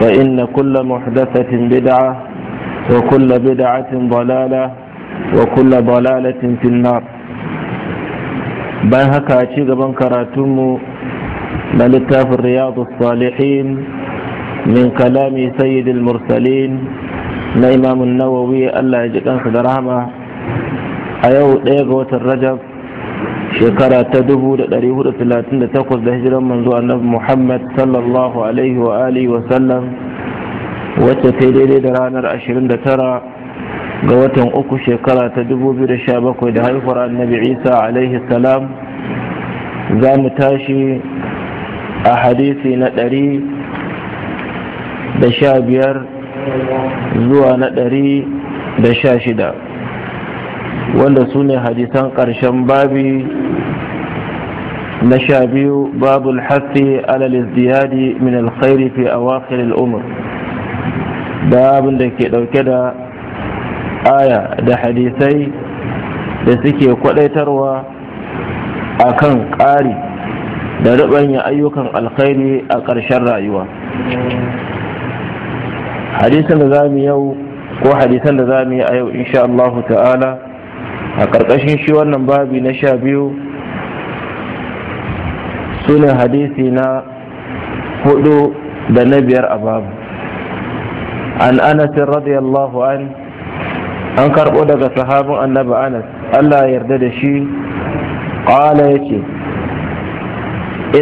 فإن كل محدثة بدعة وكل بدعة ضلالة وكل ضلالة في النار bayan haka ci gaban karatunmu na littafin riyadu salihin min kalami sayyidil mursalin na imamun nawawi allah ya ji kansa da rahama a yau ɗaya ga watan rajab shekara ta 438 da hijiran manzo annabi Muhammad sallallahu alaihi wa alihi wa sallam wacce ta daidai da ranar 29 ga watan uku shekara ta 2017 da haifar annabi Isa alaihi salam za mu tashi a hadisi na dari da sha biyar zuwa na 116 wanda su ne hadisan ƙarshen babi na sha biyu babu alhassi alal izdiyadi min alkhairi fi awakhir al'umar da abin da ke ɗauke da aya da hadisai da suke kwadaitarwa a kan ƙari da rubanya ayyukan alkhairi a ƙarshen rayuwa hadisan da za mu yau ko hadisan da za mu yi a yau insha Allah ta'ala a ƙarƙashin shi wannan babi na sha biyu su ne hadisi na hudu da na biyar a babu an anasin radiyallahu an an karɓo daga sahabin annabi anas allah yarda da shi ƙala ya ce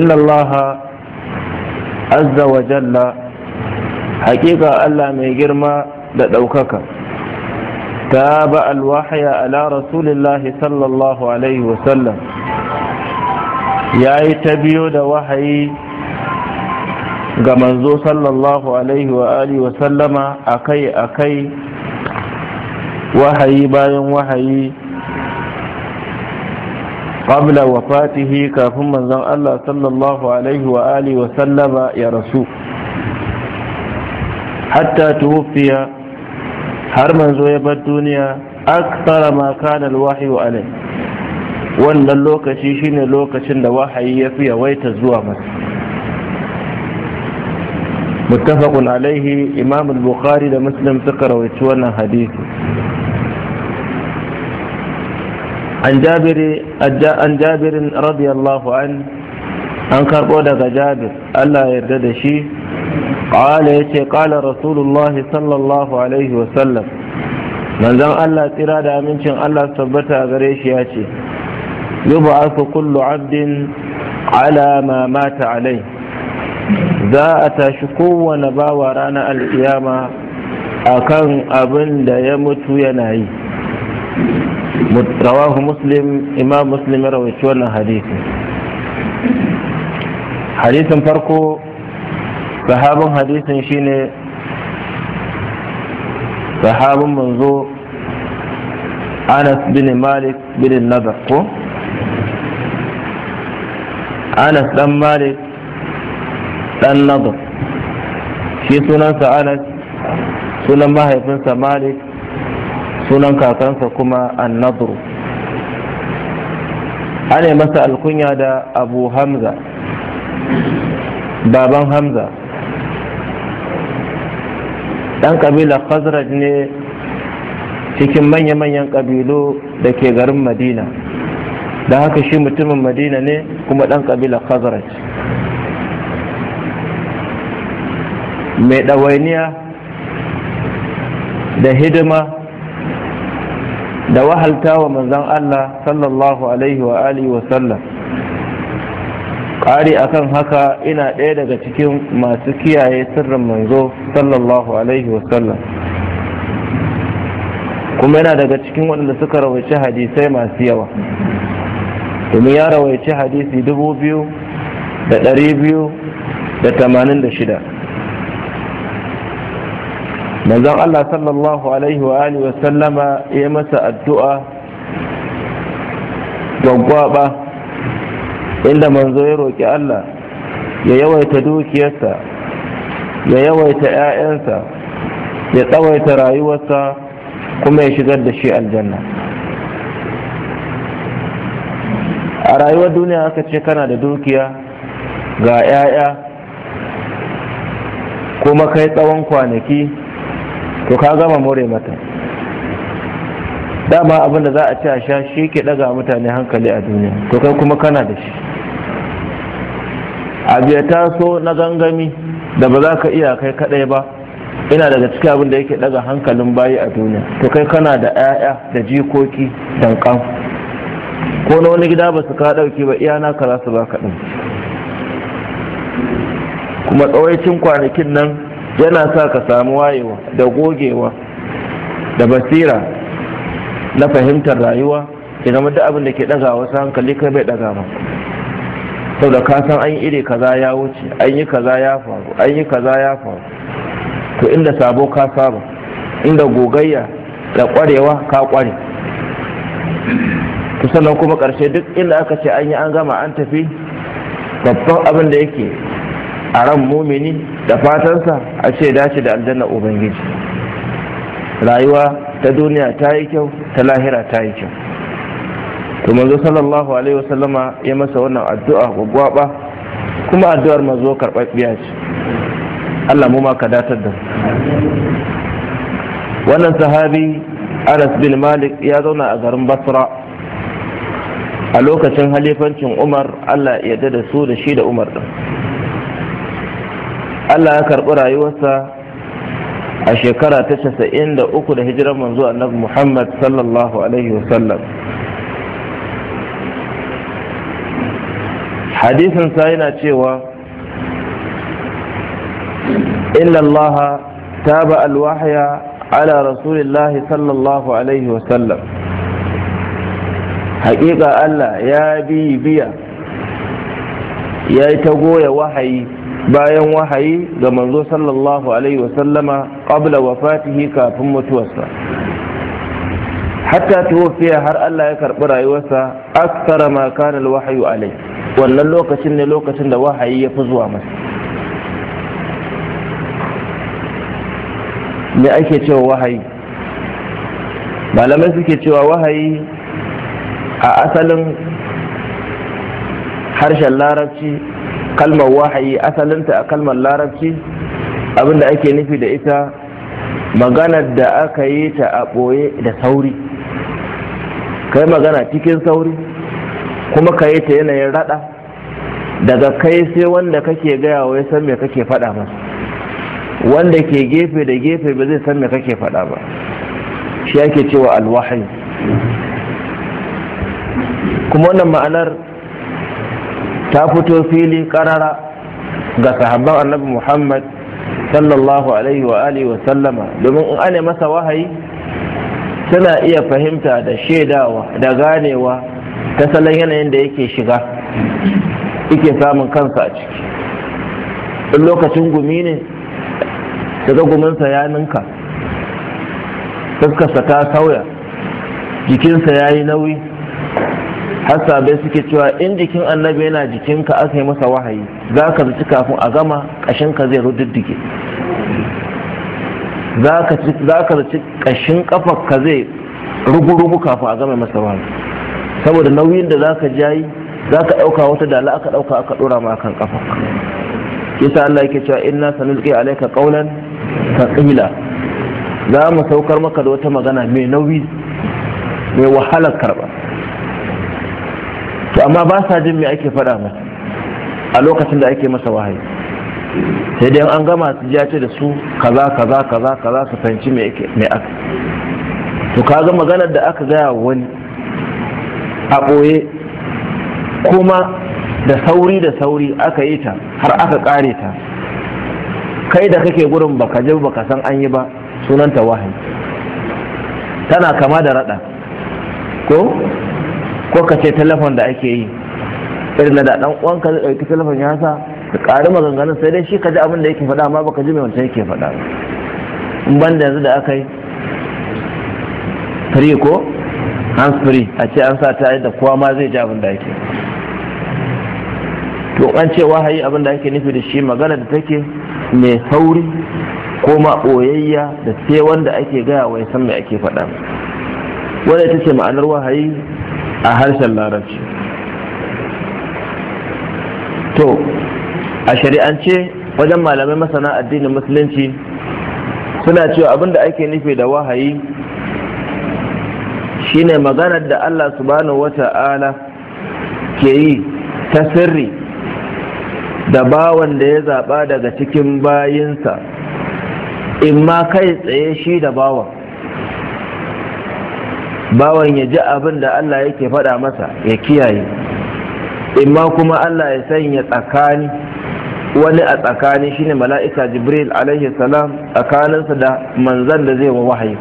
inallaha azza wa jalla hakika allah mai girma da ɗaukaka تابع الوحي على رسول الله صلى الله عليه وسلم ya yi ta biyo da wahayi ga manzo sallallahu alaihi wa alihi wa sallama akai akai wahayi bayan wahayi qabla wafatihi kafin manzon Allah sallallahu alaihi wa alihi wa sallama ya rasu hatta tuwfiya har manzo ya bar duniya aksara ma kana alwahyu alai wannan lokaci shine lokacin da wahayi ya fi yawaita zuwa masa muttafaqun alaihi imam al-bukhari da muslim suka rawaito wannan hadisi an jabiri an jabirin radiyallahu an an karbo daga jabir Allah ya yarda da shi ƙala ya ce ƙala rasulullah sallallahu alaihi wasallam manzon allah tsira da amincin allah tabbata gare shi ya ce yub'athu kullu abdin ala ma alai za a tashi kowane bawa ranar alkiyama akan abin da ya mutu yana yi rawahu muslim imam muslim ya rawaci wannan hadisi hadisin farko sahabin hadisin shine sahabin manzo anas bin malik bin nazar ko anas dan malik dan nazar shi sunansa anas sunan mahaifinsa malik sunan kakansa kuma an nazar ana masa alkunya da abu hamza baban hamza ɗan ƙabilar khazraj ne cikin manya-manyan ƙabilu da ke garin madina da haka shi mutumin madina ne kuma ɗan ƙabila khazraj mai ɗawainiya da hidima da wahalta wa manzon Allah sallallahu alaihi wa alihi wa sallam ƙari akan haka ina ɗaya daga cikin masu kiyaye sirrin manzo sallallahu alaihi wasallam kuma yana daga cikin waɗanda suka rawaici hadisai masu yawa domin ya rawaici hadisi dubu biyu da ɗari biyu da tamanin da shida manzon Allah sallallahu alaihi wa alihi wasallama sallama ya masa addu'a gwaggwaba inda manzo ya roƙi Allah ya yawaita dukiyarsa ya yawaita 'ya'yansa ya tsawaita rayuwarsa kuma ya shigar da shi aljanna a rayuwar duniya aka ce kana da dukiya ga 'ya'ya kuma kai tsawon kwanaki to ka gama more mata dama abinda za a ci a sha shi ke daga mutane hankali a duniya to kai kuma kana da shi abu ya taso na gangami da ba za ka iya kai kadai ba ina daga cikin abin da yake daga hankalin bayi a duniya to kai kana da 'ya'ya da jikoki kan ko na wani gida ba su ka dauki ba iya naka za su ba ka kuma tsawaicin kwanakin nan yana sa ka samu wayewa da gogewa da basira na fahimtar rayuwa idan duk abin da ke ɗaga wasu hankali kai bai ɗaga ba saboda ka san an yi iri kaza ya wuce an yi kaza ya faru an yi kaza ya faru to inda sabo ka saba inda gogayya da kwarewa ka kware to sannan kuma karshe duk inda aka ce an yi an gama an tafi babban abin da yake a ran mumini da fatansa a ce dace da aljanna ubangiji rayuwa ta duniya ta yi kyau ta lahira ta yi kyau to manzo sallallahu alaihi wasallama ya masa wannan addu'a gwagwaba kuma addu'ar manzo karɓaɓɓiya ce Allah mu ma ka datar da wannan sahabi Anas bin Malik ya zauna a garin Basra a lokacin halifancin Umar Allah ya da su da shi da Umar din Allah ya karɓi rayuwarsa a shekara ta casa'in da uku da hijirar manzo annabi Muhammad sallallahu alaihi wasallam hadisin sa yana cewa illallaha taba alwahya ala rasulillahi sallallahu alaihi wasallam haƙiƙa allah ya biya ya ta goya wahayi bayan wahayi ga manzo sallallahu alaihi wasallama qabla wafatihi kafin mutuwarsa hatta tuwafiya har allah ya karɓi rayuwarsa aksara ma kana alwahyu alai wannan lokacin ne lokacin da wahayi ya fi zuwa masa me ake cewa wahayi malamai suke cewa wahayi a asalin harshen larabci kalmar wahayi asalinta a kalmar larabci abinda ake nufi da ita maganar da aka yi ta a ɓoye da sauri kai magana cikin sauri kuma ka yi ta yanayin rada daga kai sai wanda kake gaya wa ya san me kake faɗa masa wanda ke gefe da gefe ba zai san me kake faɗa ba shi yake cewa alwahayi kuma wannan ma'anar ta fito fili karara ga sahabban annabi muhammad sallallahu alaihi wa alihi wa sallama domin in ana masa wahayi suna iya fahimta da shaidawa da ganewa ta salon yanayin da yake shiga yake samun kansa a ciki in lokacin gumi ne daga guminsa ya ninka fuskarsa ta sauya jikinsa ya yi nauyi har sabai suke cewa in jikin annabi yana jikinka aka yi masa wahayi za ka zaci kafin a gama ƙashinka zai rududdige za ka zaci ƙashin ƙafarka zai rugu-rugu kafin a gama masa wahayi saboda nauyin da za zaka jayi zaka dauka wata dala aka ɗauka aka dora ma akan kafa kisa Allah yake cewa inna sanulqi alayka qawlan thaqila za mu saukar maka da wata magana mai nauyi mai wahalar karba to amma ba sa jin me ake faɗa masa a lokacin da ake masa wahayi sai dai an gama su ya ce da su kaza kaza kaza kaza su fahimci me ake to kaga maganar da aka gaya wani a ɓoye kuma da sauri da sauri aka yi ta har aka ƙare ta kai da kake gurin baka ji baka san an yi ba sunanta wahayi tana kama da rada ko ko ka ce telefon da ake yi irin da dan zai ɗauki telefon ya sa ka ƙari maganganun sai dai shi ka ji abin da yake faɗa amma baka ji mai wancan yake faɗa in ban da yanzu da aka yi ko hands a ce an sa ta da kowa ma zai ji abin da ake to an ce wahayi abin da ake nufi da shi magana da take mai hauri, ko ma boyayya da sai wanda ake gaya wai san mai ake faɗa wanda ita ce ma'anar wahayi a harshen larabci to a shari'ance wajen malamai masana addinin musulunci suna cewa abin da ake nufi da wahayi shine maganar da Allah subhanahu wata'ala ke yi ta sirri da bawan da ya zaɓa daga cikin bayinsa in ma kai tsaye shi da bawan bawan ya ji abin da Allah yake faɗa masa ya kiyaye in ma kuma Allah ya sanya tsakani wani a tsakani shine mala'ika jibril alaihi salam tsakaninsa da manzan da zai wa wahayi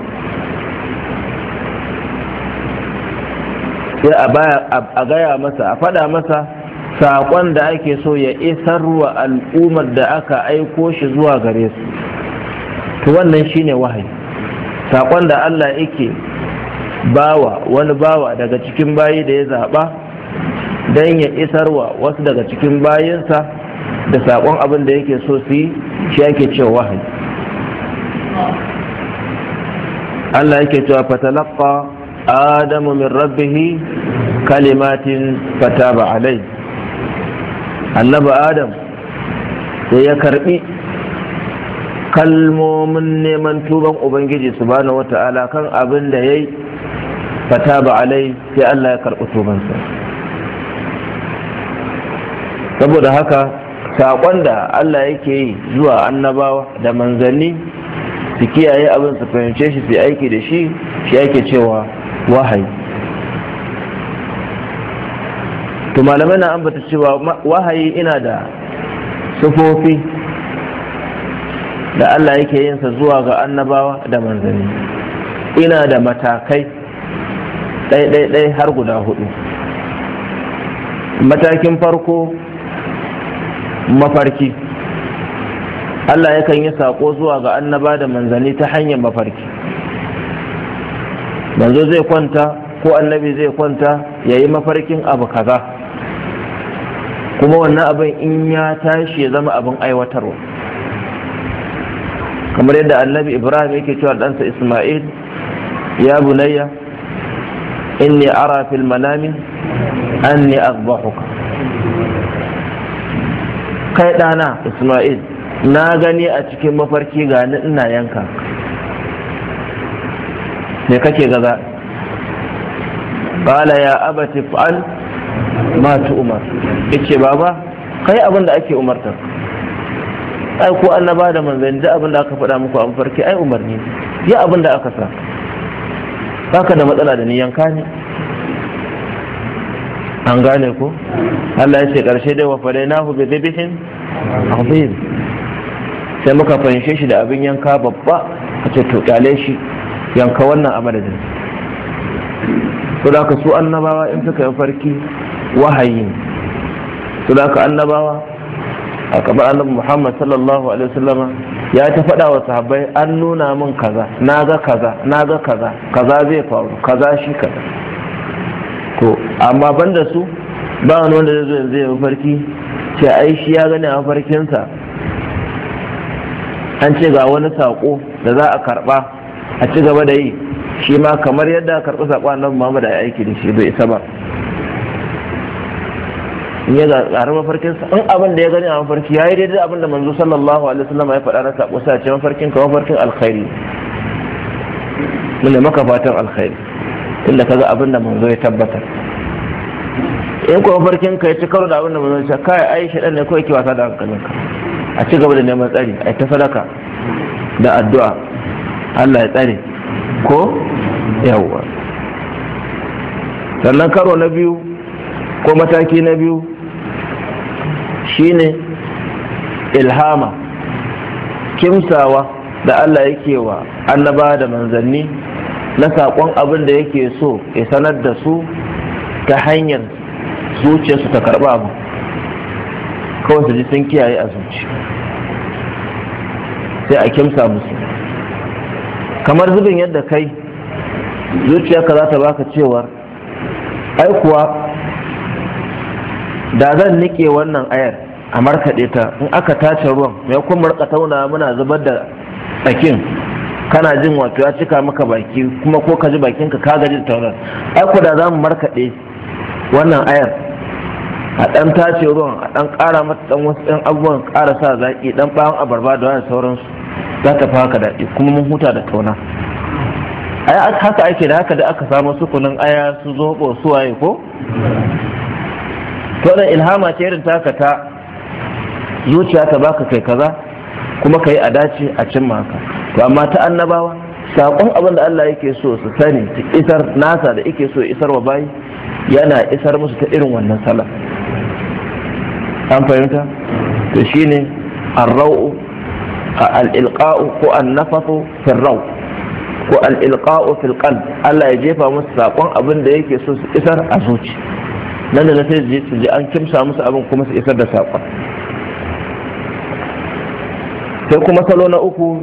sai a gaya masa a faɗa masa saƙon da ake so ya isar wa al'ummar da aka aiko shi zuwa gare su to wannan shine wahayi saƙon da Allah yake bawa wani bawa daga cikin bayi da ya zaɓa don ya isarwa wasu daga cikin bayinsa da saƙon abin da yake so su yi shi ake cewa wahayi Allah yake cewa fatalaka adamu min ربه kalimatin فتاب عليه النبى adam sai ya karɓi kalmomin neman tuban ubangiji subhanahu wata'ala kan abin da ya yi fataba alai sai allah ya karbi tubansa saboda haka saƙon da allah yake yi zuwa annabawa da manzanni su kiyaye abin su fahimce shi su aiki da shi shi ake cewa wahayi to malamai na ambata cewa wahayi ina da sufofi da Allah yake yinsa zuwa ga annabawa da manzanni ina da matakai ɗai har guda hudu matakin farko mafarki Allah yakan yi saƙo zuwa ga annaba da manzanni ta hanyar mafarki manzo zai kwanta ko annabi zai kwanta ya yi mafarkin abu kaza kuma wannan abin in ya tashi ya zama abin aiwatarwa kamar yadda annabi ibrahim yake cewa ɗansa isma'il ya bunayya inni ara fil manami anni azbahuka kai ɗana isma'il na gani a cikin mafarki ga ina yanka me kake gaza Bala ya abati fa'al ma umar yace baba kai abin da ake umarta ai ko annaba da manzanni da abin da aka faɗa muku an farki ai umarni ya abin da aka sa baka da matsala da niyan ka ne an gane ko Allah ya ce karshe dai wa fadainahu bi dhibhin azim sai muka fanshe shi da abin yanka babba a ce to kale shi yanka wannan a madadin su da su annabawa in suka yi farki wahayi su da annabawa a kamar annabi muhammad sallallahu alaihi wasallama ya ta faɗa wa sahabbai an nuna min kaza na ga kaza na ga kaza kaza zai faru kaza shi kaza to amma banda su ba wani wanda zai zo yanzu zai mafarki ce ai shi ya gani a mafarkinsa an ce ga wani saƙo da za a karɓa a ci gaba da yi shi ma kamar yadda karɓi saƙon annabi Muhammad a aiki da shi bai isa ba in ya tsara mafarkinsa in abin da ya gani a mafarki ya yi daidai abin da manzo sallallahu alaihi wasallam ya faɗa na saƙo sa ce mafarkin ka mafarkin alkhairi mun maka fatan alkhairi tunda kaga abin da manzo ya tabbatar in kuma mafarkin ka ya ci karo da abin da manzo ya ce kai aisha dan ne ko yake wasa da hankalinka a ci gaba da neman tsari a ta sadaka da addu'a Allah ya tsare ko yawwa sannan karo na biyu ko mataki na biyu shine ilhama kimsawa da Allah yake wa annaba da manzanni na saƙon abin da yake so ya sanar da su ta hanyar zuciyarsu ta karɓa ba, kawai su ji sun kiyaye a zuci sai a kimsa musu kamar zubin yadda kai zuciyarka za ta baka cewar ai da zan nike wannan ayar a markaɗe ta in aka tace ruwan mai kuma rika wuna muna zubar da tsakin kana jin wato ya cika maka baki kuma ko ka ji bakinka ka gaji da taunar ai da za mu markaɗe wannan ayar a ɗan tace ruwan a ɗan ƙara mata ɗan wasu ɗan abubuwan ƙara sa zaƙi ɗan ɓawon abarba da wani sauransu za ta fi haka daɗi kuma mun huta da tauna ai haka ake da haka da aka samu sukunin aya su zoɓo su waye ko to da ilhama ce irin taka ta zuciya ta baka kai kaza kuma kai a dace a cin maka? to amma ta annabawa saƙon abin da Allah yake so su sani ta isar nasa da yake so isar wa bayi yana isar musu ta irin wannan sala an fahimta to shine arrau A al'ilka'u ko an-nafathu fi ko al'ilka'u ilqau Allah ya jefa musu sakon abin da yake so su isar a zuci nan da na sai su an kimsa musu abin kuma su isar da sakon sai kuma salo na uku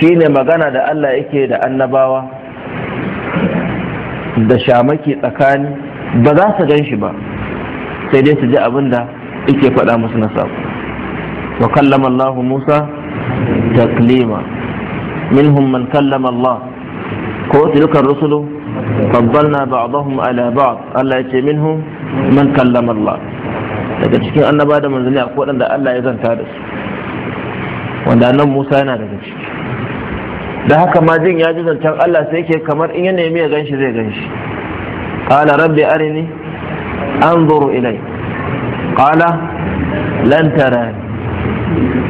shine magana da Allah yake da annabawa da shamaki tsakani ba za su ganshi ba sai dai su ji abin da yake faɗa musu na sako wa kallama Allah Musa تكليما منهم من كلم الله ko tilka rusulu babban ba'dahum ala ba'd Allah ya ce minhum man daga cikin annaba da manzanni ko waɗanda Allah ya zanta da su wanda annan Musa yana daga ciki da haka ma jin ya ji zancen Allah sai yake kamar in ya nemi ya ganshi zai ganshi qala rabbi arini anzuru ilai qala lan tarani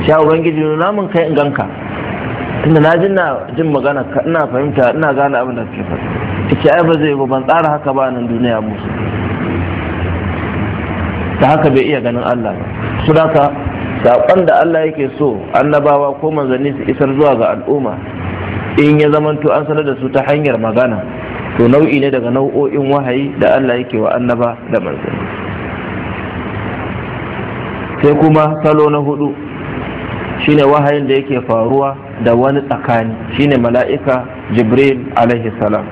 sha ubangiji nuna mun kai in ganka tunda na jin na jin magana ina fahimta ina gane abin da suke faɗi kike ai ba zai ban tsara haka ba nan duniya musu ta haka bai iya ganin Allah ba su haka saƙon da Allah yake so annabawa ko manzanni su isar zuwa ga al'umma in ya zamanto an sanar da su ta hanyar magana to nau'i ne daga nau'o'in wahayi da Allah yake wa annaba da manzanni sai kuma salo na hudu shine wahayin da yake faruwa da wani tsakani shine mala'ika jibril alaihi salam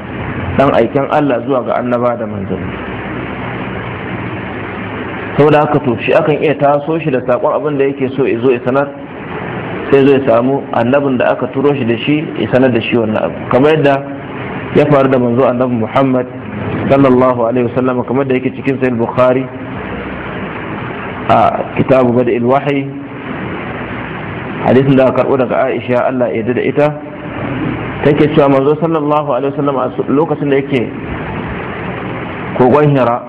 dan aiken allah zuwa ga annaba da manzanni saboda haka to shi akan iya taso shi da sakon abin da yake so izo sanar sai zo ya samu annabin da aka turo shi da shi ya sanar da shi wannan abu kamar yadda ya faru da manzo annabi muhammad sallallahu alaihi wasallam kamar da yake cikin sahih bukhari a kitabu bada'il wahyi hadisin da aka karɓo daga aisha allah ya da ita take cewa manzo sallallahu alaihi wasallam a lokacin da yake kogon hira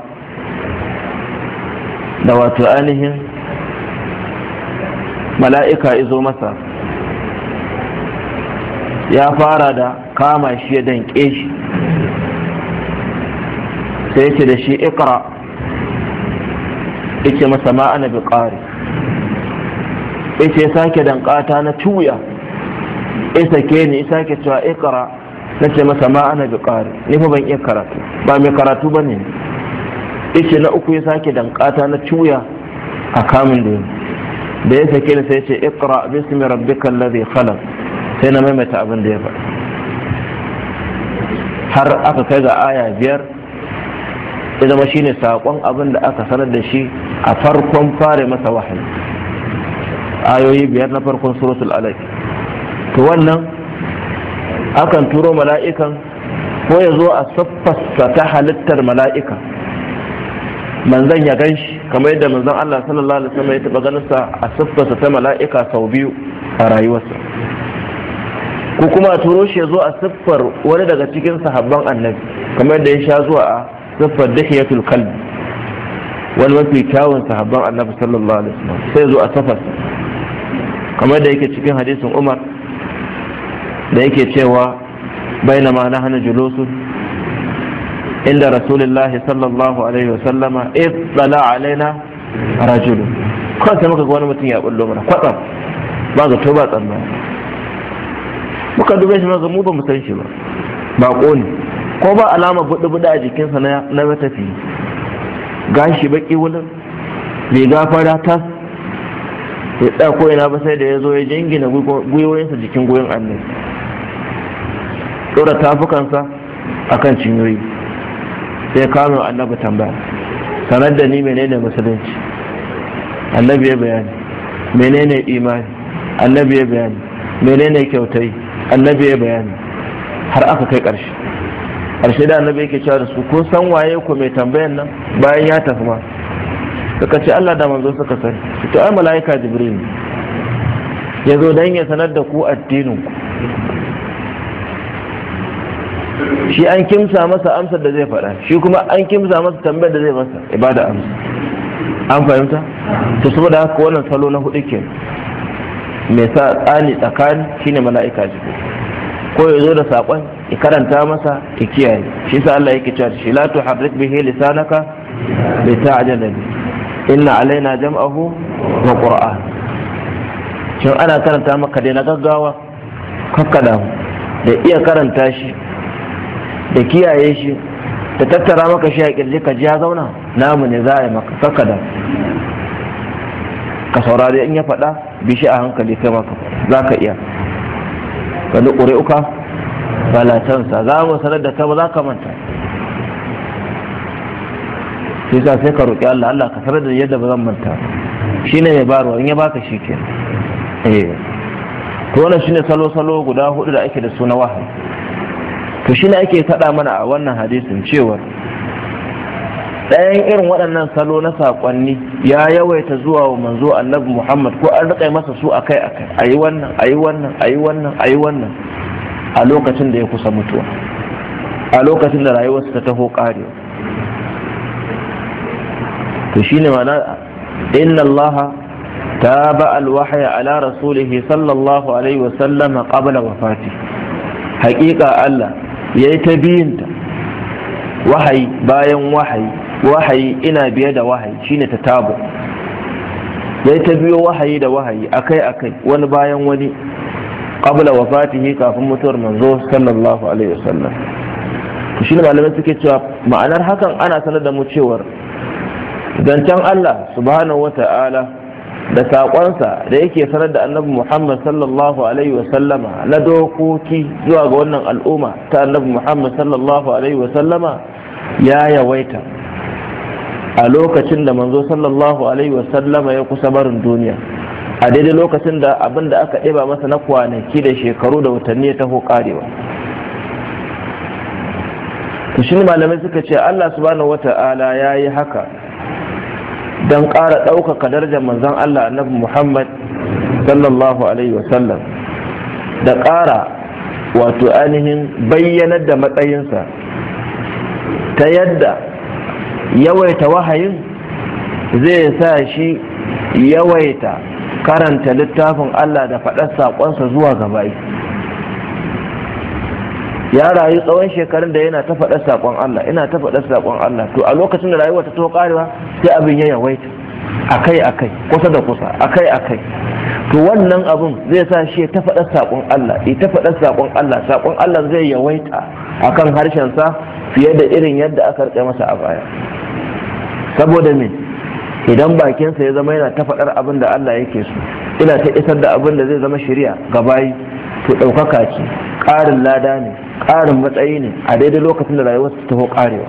da wato ainihin mala'ika izo masa ya fara da kama shi ya danƙe shi sai ce da shi ikra yake masa ma'ana bi ƙari ita ya sake dankata na tuya ya sake ni ya sake cewa ikra na ce masa ma ana bi qari ni fa ban iya karatu ba mai karatu bane yace na uku ya sake dankata na tuya a kamun da da ya sake ni sai ya ce ikra bismi rabbikal ladhi khalaq sai na maimaita abin da ya faɗi har aka kai ga aya biyar ya zama shine saƙon abin da aka sanar da shi a farkon fare masa wahayi ayoyi biyar na farkon suratul alaq to wannan akan turo mala'ikan ko ya zo a saffasa ta halittar mala'ika manzan ya gan shi kamar yadda manzan Allah sallallahu alaihi wasallam ya taɓa ganinsa a saffasa ta mala'ika sau biyu a rayuwarsa ko kuma a turo shi ya zo a siffar wani daga cikin sahabban annabi kamar yadda ya sha zuwa a siffar dahiyatul kalbi wani mafi kyawun sahabban annabi sallallahu alaihi wasallam sai zo a saffar kamar da yake cikin hadisin umar da yake cewa ma na hana julusun inda rasulullahi sallallahu alaihi wasallama ibtala alaina rajulu kan sai muka ga wani mutum ya bullo mana kwatsam ba zato ba tsammani muka dube shi muka mu ba mu san shi ba Ba ne ko ba alama buɗe buɗe a jikinsa na matafi gashi baki wulin riga fara tas bai tsaya ko ina ba sai da ya zo ya jingina gwiwoyinsa jikin gwiwon annabi ɗora tafukansa a kan cinyoyi sai kano annabi tambaya sanar da ni menene musulunci annabi ya bayani menene imani annabi ya bayani menene kyautai annabi ya bayani har aka kai ƙarshe ƙarshe da annabi yake cewa da su kun san waye ku mai tambayan nan bayan ya tafi ma suka ce Allah da manzo suka sani to ai mala'ika jibril ya zo dan ya sanar da ku addinin ku shi an kimsa masa amsar da zai faɗa shi kuma an kimsa masa tambayar da zai masa ibada amsa an fahimta to saboda haka wannan salo na hudu ke me sa tsani tsakani shine mala'ika jibril ko ya zo da saƙon ya karanta masa ya kiyaye shi sa Allah yake cewa shi la tuhrik bihi lisanaka bi ta'jalabi inna alaina jam'ahu wa qur'an shin ana karanta maka dai na gaggawa kakkada da iya karanta shi da kiyaye shi da tattara maka shi a kirje ka ji ya zauna namu ne za a yi maka kakkada ka saurari in ya faɗa bi shi a hankali sai maka za ka iya ka ni ƙuri'uka balatansa za mu sanar da ta ba za ka manta sai sa sai ka roƙi Allah Allah ka sanar da yadda ba zan manta shine mai barwa in ya baka shi ke eh to wannan shine salo salo guda hudu da ake da suna wahayi to shine ake faɗa mana a wannan hadisin cewa ɗayan irin waɗannan salo na saƙonni ya yawaita zuwa wa manzo annabi muhammad ko an riƙa masa su akai akai a yi wannan a yi wannan a yi wannan a yi wannan a lokacin da ya kusa mutuwa a lokacin da rayuwarsa ta taho ƙarewa to shine ma'ana inna Allah taba alwahya ala rasulihi sallallahu alaihi wa sallama qabla wafati haƙiƙa Allah yayi ta biyinta wahayi bayan wahayi wahayi ina biye da wahayi shine ta tabo yayi ta biyo wahayi da wahayi akai akai wani bayan wani qabla wafatihi kafin mutuwar manzo sallallahu alaihi wasallam to shine malamai suke cewa ma'anar hakan ana sanar da mu cewar zancen Allah subhanahu ta'ala da saƙonsa da yake sanar da annabi Muhammad sallallahu alaihi wasallama na dokoki zuwa ga wannan al'umma ta annabi Muhammad sallallahu alaihi wasallama ya yawaita a lokacin da manzo sallallahu alaihi wasallama ya kusa barin duniya a daidai lokacin da abin da aka ɗeba masa na kwanaki da shekaru da watanni ya taho karewa to shi malamai suka ce Allah subhanahu wata'ala ya yi haka don ƙara ɗaukaka darajar manzon Allah annabi Muhammad sallallahu alaihi wasallam da ƙara wato ainihin bayyanar da matsayinsa ta yadda yawaita wahayin zai sa shi yawaita karanta littafin Allah da faɗar saƙonsa zuwa gabai. ya rayu tsawon shekarun da yana ta faɗa saƙon Allah ina ta faɗa saƙon Allah to a lokacin da rayuwa ta to ƙarewa sai abin ya yawaita akai akai kusa da kusa akai akai to wannan abun zai sa shi ta faɗa saƙon Allah ya ta faɗa saƙon Allah saƙon Allah zai yawaita akan harshen sa fiye da irin yadda aka rike masa a baya saboda me idan bakinsa ya zama yana ta faɗar abin da Allah yake so ina ta isar da abin da zai zama shari'a ga bayi to ɗaukaka ce ƙarin lada ne ƙarin matsayi ne a daidai lokacin da rayuwar ta taho ƙarewa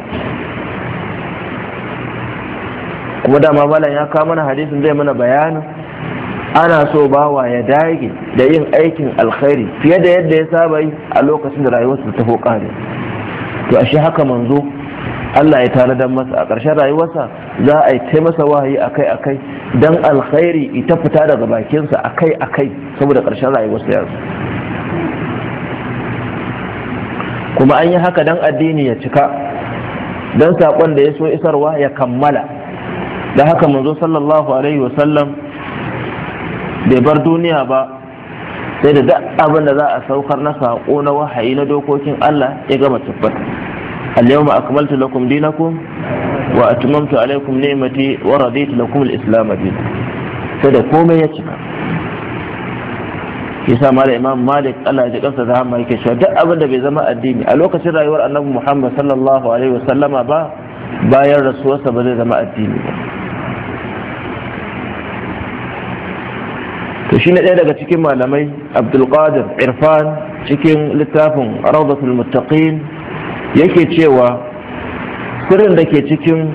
kuma dama malam ya kawo mana hadisin zai mana bayanin ana so bawa ya dage da yin aikin alkhairi fiye da yadda ya saba yi a lokacin da rayuwarsa ta taho karewa. to ashe haka manzo Allah ya dan masa a ƙarshen rayuwarsa za a yi ta masa wahayi akai akai dan alkhairi ita fita daga bakinsa akai akai saboda ƙarshen rayuwarsa ya zo kuma an yi haka don addini ya cika don saƙon da ya so isarwa ya kammala da haka manzo sallallahu alaihi wasallam bai bar duniya ba sai da abin da za a saukar na saƙo na wahayi na dokokin Allah ya gama tabbata al-yawma akmaltu lakum dinakum wa atmamtu alaykum ni'mati wa raditu lakum al dinan sai da komai ya cika yasa malam imam malik Allah ya kansa da hama yake cewa duk abin da bai zama addini a lokacin rayuwar annabi muhammad sallallahu alaihi wasallama ba bayan rasuwarsa ba zai zama addini ba to shine ɗaya daga cikin malamai abdulkadir irfan cikin littafin rawdatul muttaqin yake cewa sirrin da ke cikin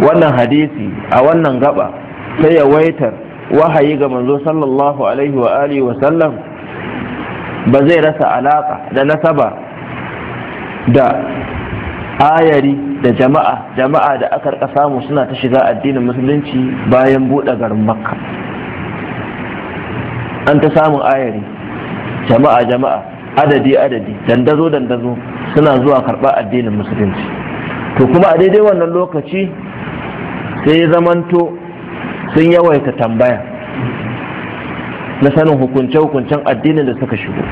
wannan hadisi a wannan gaba ta yawaitar wahayi ga manzo sallallahu alaihi wa alihi wa sallam ba zai rasa alaƙa da nasaba da ayari da jama'a jama'a da aka rika samu suna ta shiga addinin musulunci bayan buɗe garin makka an ta samun ayari jama'a jama'a adadi adadi dandazo dandazo suna zuwa karɓar addinin musulunci to kuma a daidai wannan lokaci sai zamanto sun yawaita tambaya na sanin hukunce-hukuncen addinin da suka shigo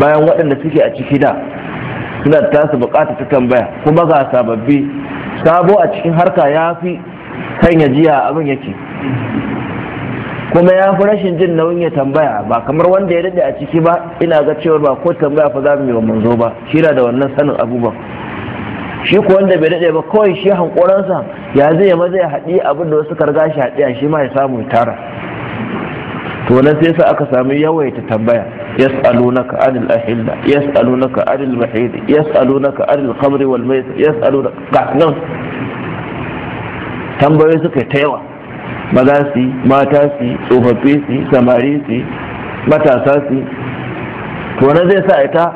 bayan waɗanda suke a ciki da suna tasu bukata ta tambaya kuma ga sababbi sabo a cikin harka ya fi kan ya jiya abin yake kuma ya fi rashin jin nauyin ya tambaya ba kamar wanda ya daɗe a ciki ba ina ga cewar ba ko tambaya fa za mu yi wa manzo ba shi da wannan sanin abubuwan shi ko wanda bai daɗe ba kawai shi hankoransa ya zai ma zai haɗi abin da wasu karga shi haɗi a shi ma ya samu tara to nan sai sa aka sami yawaita tambaya yas'alunaka anil ahilla yas'alunaka anil mahid yas'alunaka anil khamri wal maisir yas'alunaka ga tambayoyi suka ta yawa maza su mata su tsofaffi su samari su matasa su to nan zai sa ita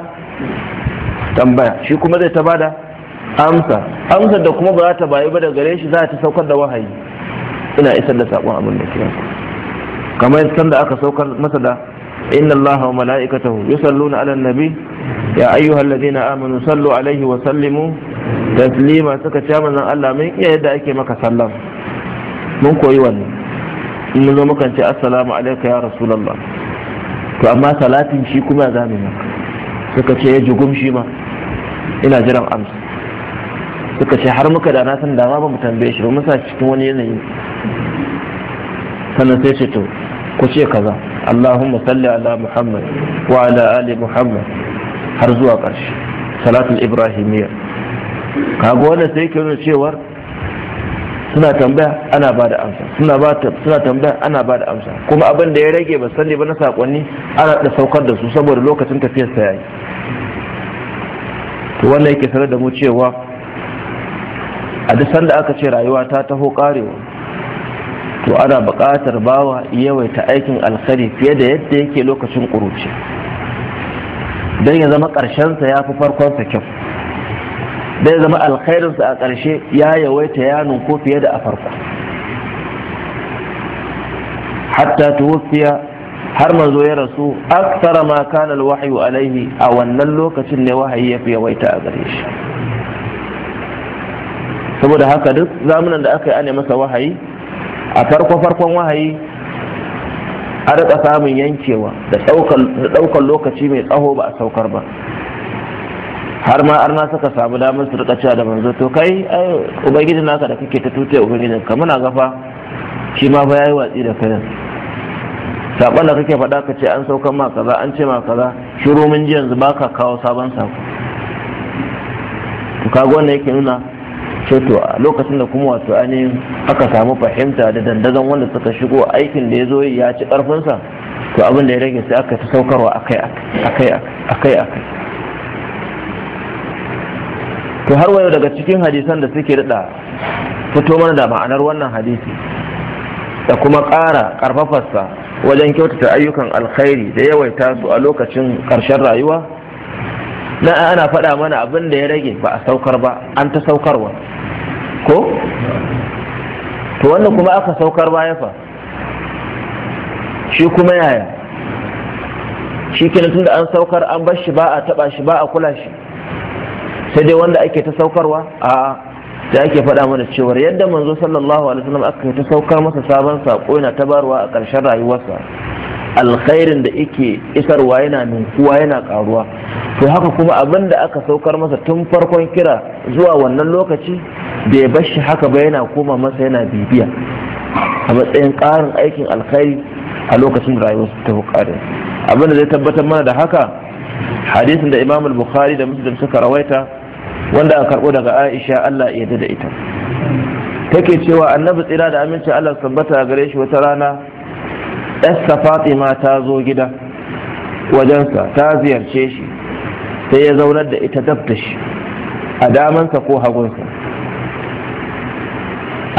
tambaya shi kuma zai ta bada amsa amsa da kuma ba za ta bayi ba da gare shi za ta saukar da wahayi ina isar da sakon abin da kira kamar san da aka saukar masa da inna allaha wa mala'ikatahu yusalluna ala nabi ya ayyuhal ladina amanu sallu alaihi wa sallimu taslima suka ce manzon Allah mun iya yadda ake maka sallam mun koyi wannan in mun zo mukan ce assalamu alayka ya rasulullah to amma salatin shi kuma ya zame maka suka ce ya jugum shi ma ina jiran amsa suka ce har muka da na san dama ba mu tambaye shi ba mu sa cikin wani yanayi sannan sai ce to ku ce kaza Allahumma salli ala Muhammad wa ala ali Muhammad har zuwa ƙarshe salatul ibrahimiyya kaga wanda sai ke nuna cewar suna tambaya ana ba da amsa suna ba suna tambaya ana ba da amsa kuma abin da ya rage ba sani ba na sakonni ana da saukar da su saboda lokacin tafiyar sa yayi to wannan yake sanar da mu cewa a duk sanda aka ce rayuwa ta taho karewa to ana buƙatar bawa yawaita aikin alkhari fiye da yadda yake lokacin ƙuruci don ya zama ƙarshensa ya fi farkonsa kyau don ya zama alkhairinsa a ƙarshe ya yawaita ya ko fiye da a farko hatta tuwufiya har manzo ya rasu aksara ma kana alwahyu alaihi a wannan lokacin ne wahayi ya fi yawaita a gare shi saboda haka duk zamunan da aka yi ane masa wahayi a farko farkon wahayi a rika samun yankewa da ɗaukar lokaci mai tsaho ba a saukar ba har ma arna suka samu damar su rika cewa da manzo to kai ai ubangiji naka da kake ta tutaye ubangijin ka muna gafa shi ma ba yayi watsi da kai saban da kake faɗa ka ce an saukan ma kaza an ce ma kaza shiru mun ji yanzu baka kawo sabon sako to kaga wannan yake nuna sai a lokacin da kuma wato ainihin aka samu fahimta da dandazon wanda suka shigo aikin da ya zo ya ci karfinsa to abin da ya rage sai aka ta saukarwa akai akai to har wayo daga cikin hadisan da suke daɗa fito mana da ma'anar wannan hadisi da kuma ƙara ƙarfafarsa wajen kyautata ayyukan alkhairi da yawaita su a lokacin ƙarshen rayuwa na ana faɗa mana abin da ya rage ba a saukar ba an ta saukarwa ko to wannan kuma aka saukar baya fa shi kuma yaya shi kenan tunda an saukar an bar shi ba a taba shi ba a kula shi sai dai wanda ake ta saukarwa a da ake faɗa mana cewar yadda manzo sallallahu alaihi wasallam aka ta saukar masa sabon sako yana barwa a ƙarshen rayuwarsa alkhairin da yake isarwa yana ninkuwa yana karuwa to haka kuma abin da aka saukar masa tun farkon kira zuwa wannan lokaci bai bar shi haka ba yana koma masa yana bibiya a matsayin ƙarin aikin alkhairi a lokacin da rayuwarsa ta bukari abin da zai tabbatar mana da haka hadisin da imam bukhari da muslim suka rawaita wanda aka karbo daga Aisha Allah ya yarda da ita take cewa annabi tsira da aminci Allah sabbata gare shi wata rana ɗasta Fatima ta zo gida wajensa ta ziyarce shi sai ya zaunar da ita da shi a damansa ko hagunsa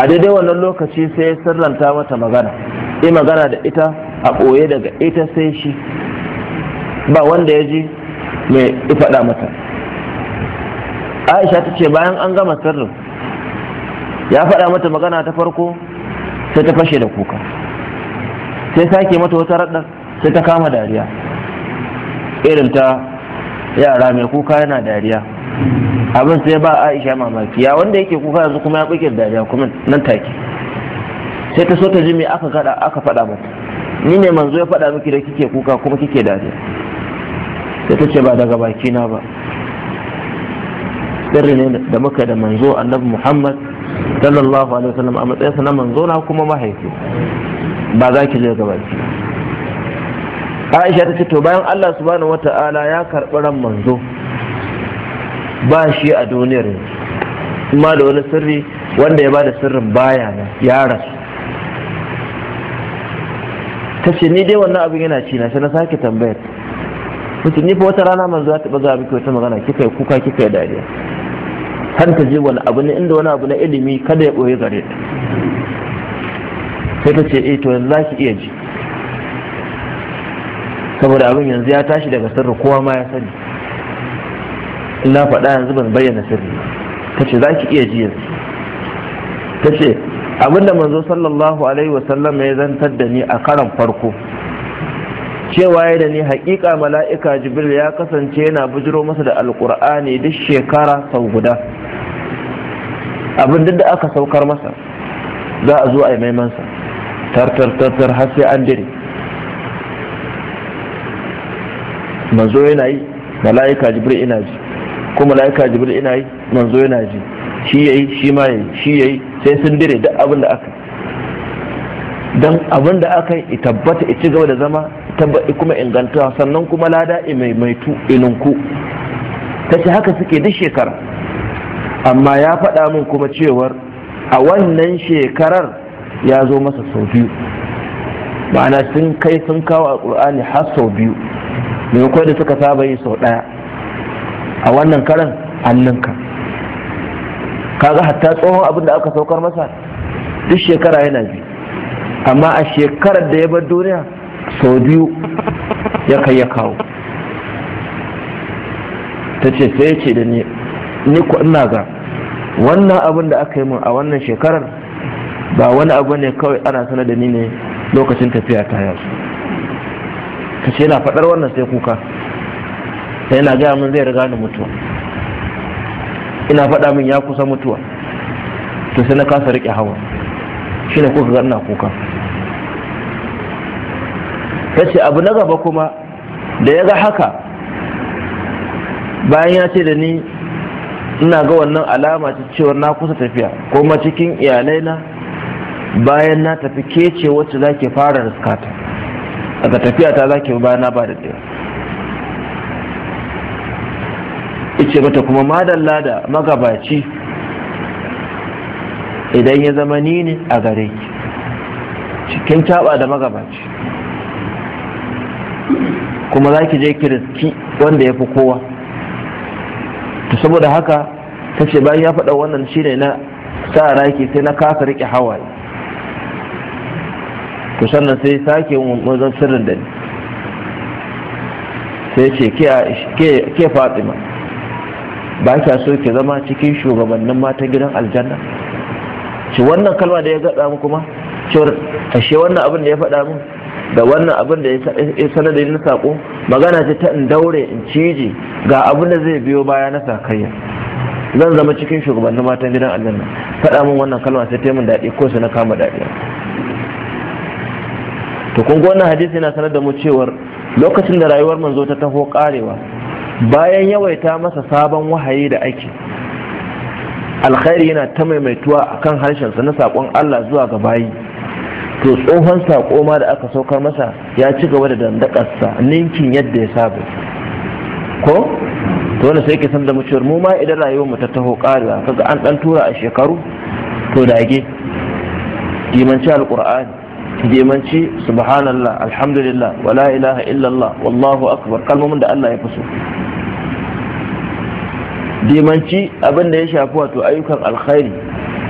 a daidai wannan lokaci sai ya sirranta mata magana yi magana da ita a ɓoye daga ita sai shi ba wanda ya ji mai faɗa mata aisha ta ce bayan an gama sirrin ya faɗa mata magana ta farko sai ta fashe da kuka sai sake mata wata raɗa sai ta kama dariya irin ta yara mai kuka yana dariya abin sai ba aisha mamaki ya wanda yake kuka yanzu kuma ya kuke dariya kuma nan take sai ta so ta ji me aka gada aka faɗa mata ni ne manzo ya faɗa miki da kike kuka kuma kike dariya sai ta ce ba daga baki na ba sirri ne da muka da manzo annabi muhammad sallallahu alaihi wasallam a matsayinsa na manzo na kuma mahaifi ba za ki je gaba ki aisha ta ce to bayan allah subhanahu wata'ala ya karɓi ran manzo ba shi a duniyar kuma da wani sirri wanda ya ba da sirrin baya na ya rasu ta ce ni dai wannan abin yana ci na sai na sake tambayar mutum ni fa wata rana manzo ya taɓa zuwa kai wata magana kika yi kuka kika yi dariya kan je wani abu ne inda wani abu na ilimi kada ya ɓoye gare ta sai ta ce eh to yanzu za ki iya ji saboda abin yanzu ya tashi daga sirri kowa ma ya sani Ina faɗa yanzu ban bayyana sirri ta ce za ki iya ji yanzu ta ce abinda manzo sallallahu alaihi wasallam ya zantar da ni a karan farko cewa ya da ni haƙiƙa mala'ika jibril ya kasance yana bujiro masa da alƙur'ani duk shekara sau guda abin duk da aka saukar masa za a zo a yi maimansa tartar tartar har sai an dire manzo yana yi mala'ika jibril ina ji ko mala'ika jibril ina yi manzo yana ji shi ya yi, shi ma ya yi, shi ya yi, sai sun dire duk abin da aka don abin da aka yi tabbata ci gaba da zama tabbata kuma ingantawa sannan kuma lada mai maitu ta ce haka suke duk shekara amma ya faɗa min kuma cewar a wannan shekarar ya zo masa sau biyu ma'ana sun kai sun kawo a ƙur'ani har sau biyu kwai da suka saba yi sau ɗaya a wannan karan Ka kaga hatta tsohon abin da aka saukar masa duk shekara yana biyu amma a shekarar da ya bar duniya sau biyu ya kai ya kawo ta ce sai ce da ni ni ko ina ga wannan abin da aka yi min a wannan shekarar ba wani abu ne kawai ana sanar da ni ne lokacin tafiya ta yau Ka ce na faɗar wannan sai kuka sai yana gaya min zai riga ni mutuwa ina faɗa min ya kusa mutuwa to sai na kasa riƙe hawa shine kuka ga ina kuka ta ce abu na gaba kuma da ya ga haka bayan ya ce da ni ina ga wannan alama ta cewar na kusa tafiya kuma cikin iyalaina bayan na tafi ke ce wacce za ke fara riskata daga tafiya ta za ke bayana ba da ɗaya ice mata kuma madalla da magabaci idan ya zama ni ne a gare ki cikin taba da magabaci kuma za ki je ki riski wanda ya fi kowa to saboda haka ta ce bayan ya faɗa wannan shine na sa raki sai na kasa riƙe hawaye to sannan sai sake wajen sirrin da ni sai ce ke fatima ba kya so ki zama cikin shugabannin matan gidan aljanna ce wannan kalma da ya gaɗa mu kuma cewar ashe wannan abin da ya faɗa mu da wannan abin da ya sanar da na sako magana ce ta in daure in cije ga abin da zai biyo baya na sakayya zan zama cikin shugabannin matan gidan aljanna faɗa min wannan kalma sai taimun daɗi ko su na kama daɗi to kun wannan hadisi yana sanar da mu cewar lokacin da rayuwar manzo ta taho karewa bayan yawaita masa sabon wahayi da ake alkhairi yana ta maimaituwa akan harshensa na saƙon Allah zuwa ga bayi to tsohon saƙo ma da aka saukar masa ya ci gaba da dandakarsa ninkin yadda ya saba ko dole sai ke san da mutuwar mu ma idan rayuwar mu ta taho karewa, kaga an dan tura a shekaru to dage dimanci alƙur'ani dimanci subhanallah alhamdulillah wala ilaha illallah wallahu akbar kalmomin da Allah ya fi dimanci abin da ya shafi wato ayyukan alkhairi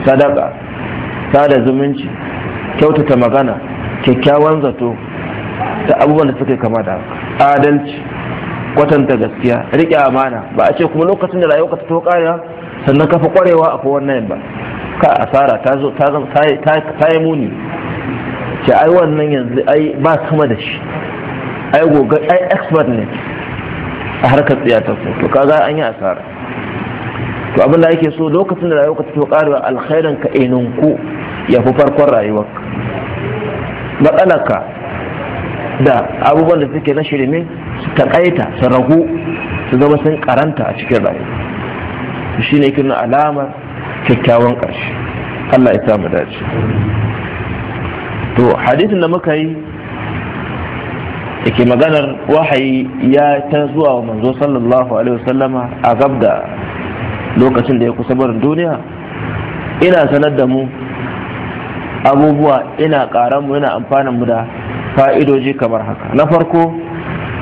sadaka sada zumunci kyautata magana kyakkyawan zato da abubuwan da suke kama da adalci kwatanta gaskiya riƙe amana ba a ce kuma lokacin da rayuwa ta tokaya sannan kafa kwarewa a wannan ba ka asara ta zo ta yi muni ce ai wannan yanzu ai ba sama da shi ai goga ai expert ne a harkar tsiyatar to kaga an yi asara to abin da yake so lokacin da rayuwa ta tokaya alkhairan ka eninku ya fi farkon rayuwa matsalarka da abubuwan da suke na shirme su taƙaita su ragu su zama sun karanta a cikin rayuwa shi ne kiran alamar kyakkyawan ƙarshe allah ya samu dace to hadisin da muka yi yake maganar wahayi ya ta zuwa wa manzo sallallahu alaihi wasallama a gab da lokacin da ya kusa barin duniya ina sanar da mu abubuwa ina karan mu ina amfanin mu da fa'idoji kamar haka na farko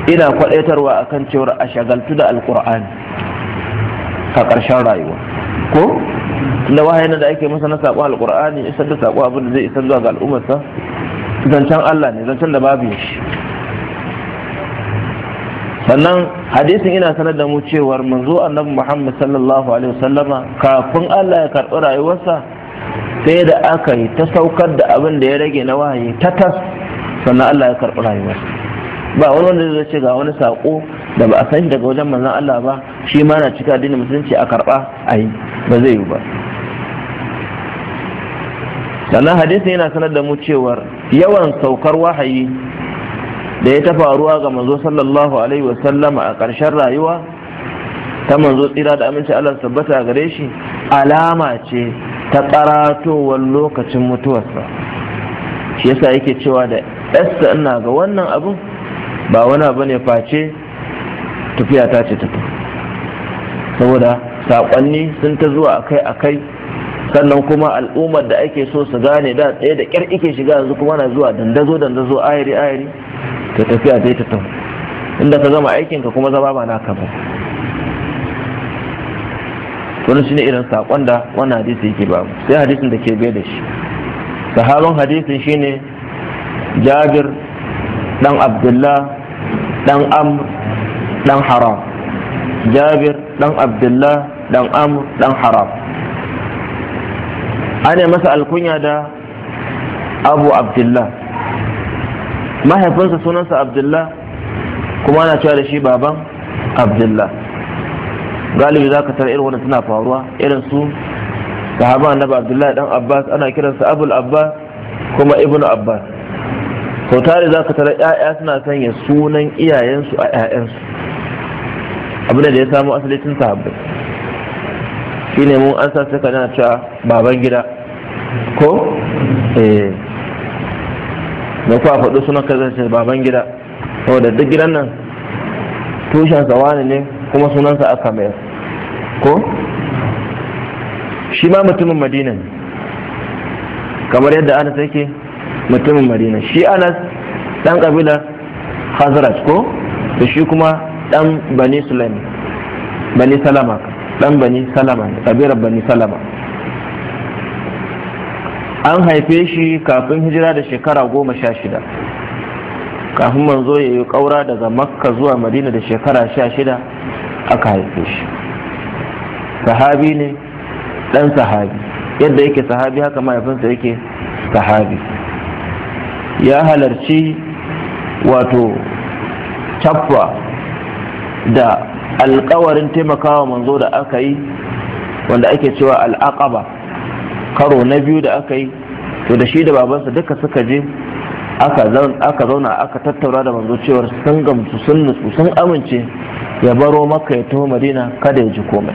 ina kwadaitarwa akan cewar a shagaltu da alkur'ani a ƙarshen rayuwa ko da wahayin da ake masa na saƙo alkur'ani isar da saƙo abin da zai isar zuwa ga al'ummarsa zancen allah ne zancen da babu shi sannan hadisin ina sanar da mu cewar manzo annabi muhammad sallallahu alaihi wasallama kafin allah ya karɓi rayuwarsa sai da aka yi ta saukar da abin da ya rage na wahayi ta tas sannan Allah ya karɓi rayuwar ba wani wanda zai ce ga wani sako da ba a san shi daga wajen manzon Allah ba shi ma na cika addinin musulunci a karɓa a yi ba zai yi ba sannan hadisi yana sanar da mu cewar yawan saukar wahayi da ya ta faruwa ga manzo sallallahu alaihi sallam a karshen rayuwa ta manzo tsira da aminci Allah tabbata gare shi alama ce ta ƙaratowar lokacin mutuwarsa shi yasa yake cewa da yasta ina ga wannan abin ba wani abu ne face tafiya ta ce tafi saboda saƙonni sun ta zuwa akai-akai sannan kuma al'ummar da ake so su gane da tsaye da ƙyar ike shiga yanzu kuma na zuwa dandazo dandazo ayiri ayiri ta tafiya ta ta tafi inda ka zama aikinka kuma zama ba naka ba wani shine irin saƙon da wani hadisi yake ba sai hadisin da ke bai da shi sahabon hadisin shine jabir dan abdullah dan amr dan haram jabir ɗan abdullah dan amr dan haram ana masa alkunya da abu abdullah mahaifinsa sunansa abdullah kuma ana cewa da shi baban abdullah galibi za ka tara irin wani suna faruwa irin su sahaba annabi abdullahi dan abbas ana kiran kiransa abul abbas kuma ibnu abbas Ko tare za ka tara 'ya'ya suna sanya sunan iyayensu a 'ya'yansu abin da ya samo asali tun sahabbai shi mun an sa suka na cewa baban gida ko eh na kuwa faɗo sunan kasance baban gida saboda duk gidan nan tushen sawa ne kuma sunansa aka mayar ko shi ma mutumin madina kamar yadda anas yake mutumin madina shi anas dan kabilar hazrat ko da shi kuma dan bani sulaim bani salama dan bani salama kabilar bani salama an haife shi kafin hijira da shekara goma sha shida kafin manzo ya yi kaura daga makka zuwa madina da shekara sha shida aka haife shi sahabi ne ɗan sahabi yadda yake sahabi haka mahaifinsa yake sahabi ya halarci wato tabba da alkawarin taimakawa manzo da aka yi wanda ake cewa al'aqaba karo na biyu da aka yi to da shi da babansa duka suka je aka zauna aka tattaura da manzo cewar sun gamsu sun nutsu sun amince ya baro maka ya taho madina kada ya ji komai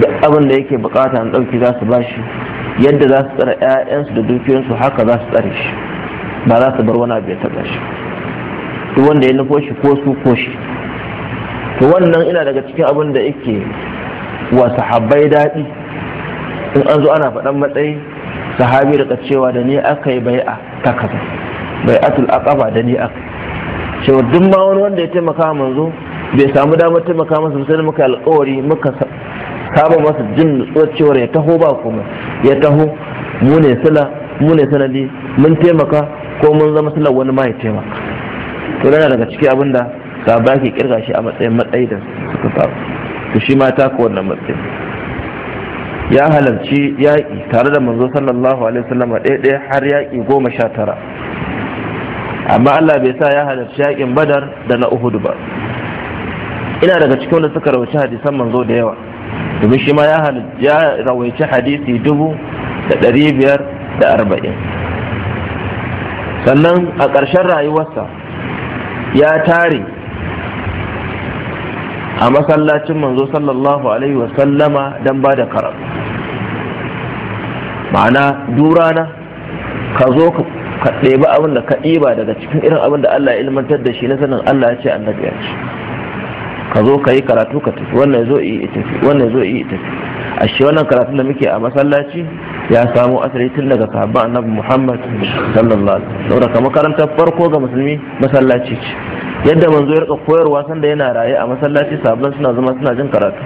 duk abin da yake bukata na dauki za su ba shi yadda za su tsara 'ya'yansu da dukiyansu haka za su tsare shi ba za su bar wani abu ya taɓa shi duk wanda ya nufo shi ko su ko shi to wannan ina daga cikin abin da yake wa sahabbai daɗi in an zo ana faɗan matsayi sahabi da cewa da ni aka yi bai'a ta kaza bai'atul aqaba da ni aka cewa duk ma wani wanda ya taimaka manzo bai samu damar taimaka masu sai muka alkawari muka saba masu jin nutsuwar cewar ya taho ba kuma ya taho mu ne sila mu sanadi mun taimaka ko mun zama sala wani ma ya taimaka to yana daga ciki abin da sabba ke kirga shi a matsayin matsayi da suka samu to shi ma ta wannan matsayi ya halarci yaƙi tare da manzo sallallahu alaihi wasallam ɗaya har yaƙi goma sha tara amma Allah bai sa ya halarci yaƙin badar da na uhud ba ina daga cikin wanda suka rawaci hadisan manzo da yawa domin shi ma ya rawaici hadisi dubu da ɗari biyar da arba'in sannan a ƙarshen rayuwarsa ya tare a masallacin manzo sallallahu alaihi wasallama don ba da karar, ma'ana durana ka zo ka ɗebi abin da ka ɗiba daga cikin irin abin da Allah ya ilmantar da shi na sanin Allah ya ce annabi ya ce ka zo ka yi karatu ka tafi wannan zo yi tafi wannan zo yi tafi a shi wannan karatun da muke a masallaci ya samo asali tun daga sahabban annabi muhammad sallallahu alaihi wasallam saboda makarantar farko ga musulmi masallaci ce yadda manzo ya rika koyarwa sanda yana raye a masallaci sahabban suna zama suna jin karatu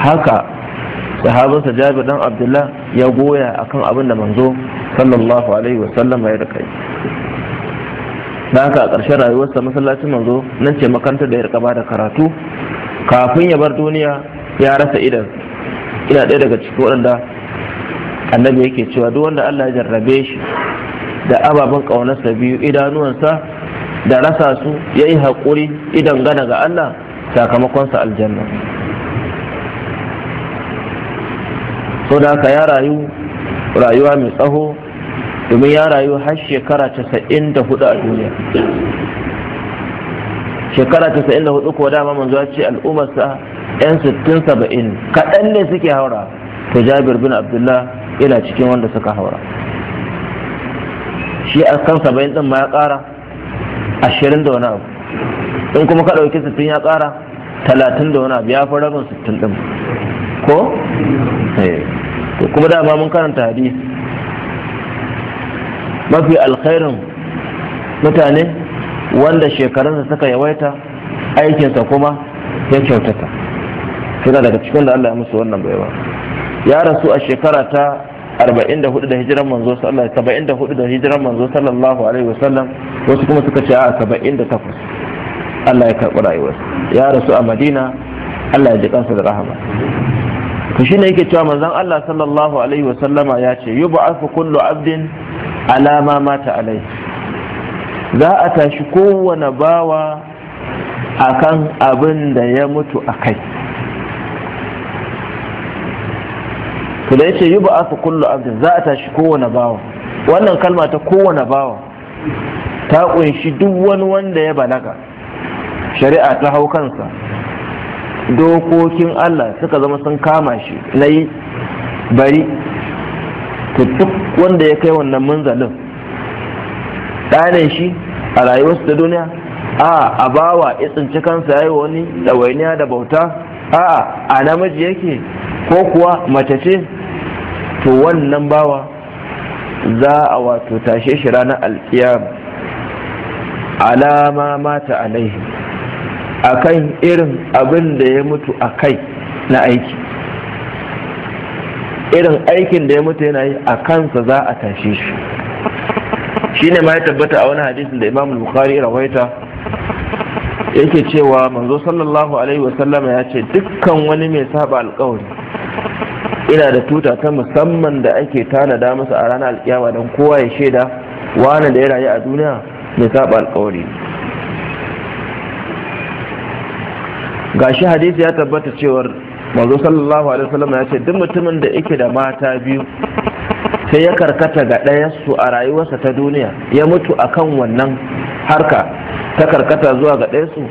haka sa jabir dan abdullah ya goya akan abin da manzo sallallahu alaihi wasallam ya rika yi da haka a ƙarshen rayuwarsa masallacin manzo nan ce makarantar da ya rika da karatu kafin ya bar duniya ya rasa idan ina ɗaya daga cikin waɗanda annabi yake cewa duk wanda Allah ya jarrabe shi da ababen ƙaunarsa biyu idanuwansa da rasa su ya yi haƙuri idan gana ga Allah sakamakonsa aljanna so da haka ya rayu rayuwa mai tsaho domin ya rayu har shekara casa'in da hudu a duniya shekara casa'in da hudu kuwa dama manzo ya ce al'ummarsa yan sittin saba'in kaɗan ne suke haura to jabir bin abdullah ila cikin wanda suka haura shi a kan saba'in din ma ya ƙara ashirin da wani abu in kuma ka ɗauki sittin ya ƙara talatin da wani abu ya fi rabin sittin din ko? Eh. kuma dama mun karanta hadisi mafi alkhairin mutane wanda shekarunsa suka yawaita aikinsa kuma ya kyautata suna daga cikin da Allah ya musu wannan baiwa ya rasu a shekara ta 44 da hijiran manzo sallallahu 74 da hijiran manzo sallallahu alaihi wasallam wasu kuma suka ce a 78 Allah ya karɓi rayuwarsa ya rasu a Madina Allah ya ji kansa da rahama to shine yake cewa manzon Allah sallallahu alaihi wa sallama ya ce yub'athu kullu abdin ala ma mata alai za a tashi kowane bawa akan abin da ya mutu a kai to da yace yub'athu kullu abdin za a tashi kowane bawa wannan kalma ta kowane bawa ta kunshi duk wani wanda ya balaga shari'a ta hau kansa dokokin Allah suka zama sun kama shi na yi bari ta duk wanda ya kai wannan manzalin ɗanin shi a rayuwarsu ta duniya a a bawa ya tsinci ya yi wani ɗawainiya da bauta a a namiji yake ko kuwa mace ce to wannan bawa za a wato tashe shi ranar alkiyama alama mata alaihi akan irin abin da ya mutu a kai na aiki irin aikin da ya mutu yana yi a kansa za a tashe shi Shi ne ma ya tabbata a wani hadisin da imamul bukhari rawaita yake cewa manzo sallallahu alaihi wasallama ya ce dukkan wani mai saba alkawari ina da tuta ta musamman da ake tanada masa a ranar alkiyama don kowa ya shaida wani da ya rayu a duniya mai saba alkawari Ga shi hadisi ya tabbata cewar mazo sallallahu alaihi wasallam ya ce duk mutumin da yake da mata biyu sai ya karkata ga ɗayansu a rayuwarsa ta duniya ya mutu akan wannan harka ta karkata zuwa ga ɗayansu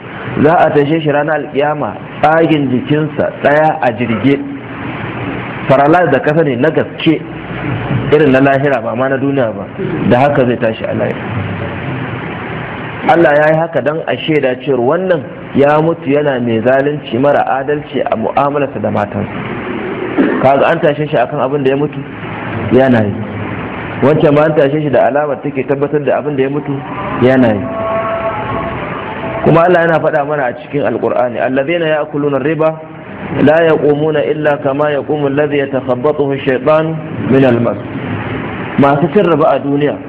za a tashe shi ranar alkiyama tsagin jikinsa ɗaya a jirge faralaz da kasa ne na gaske irin na lahira ba ma na duniya ba da haka zai tashi a lahira Allah ya yi haka don a shaida cewar wannan ya mutu yana mai zalunci mara adalci a mu'amalarsa da matansa kaga an tashe shi akan abin da ya mutu yana yi wancan ma an tashe shi da alamar take tabbatar da abin da ya mutu yana yi kuma Allah yana faɗa mana a cikin alkur'ani allazina ya'kuluna riba la yaqumuna illa kama yaqumu alladhi yatakhabbathu ash-shaytan min al-mas masu cin riba a duniya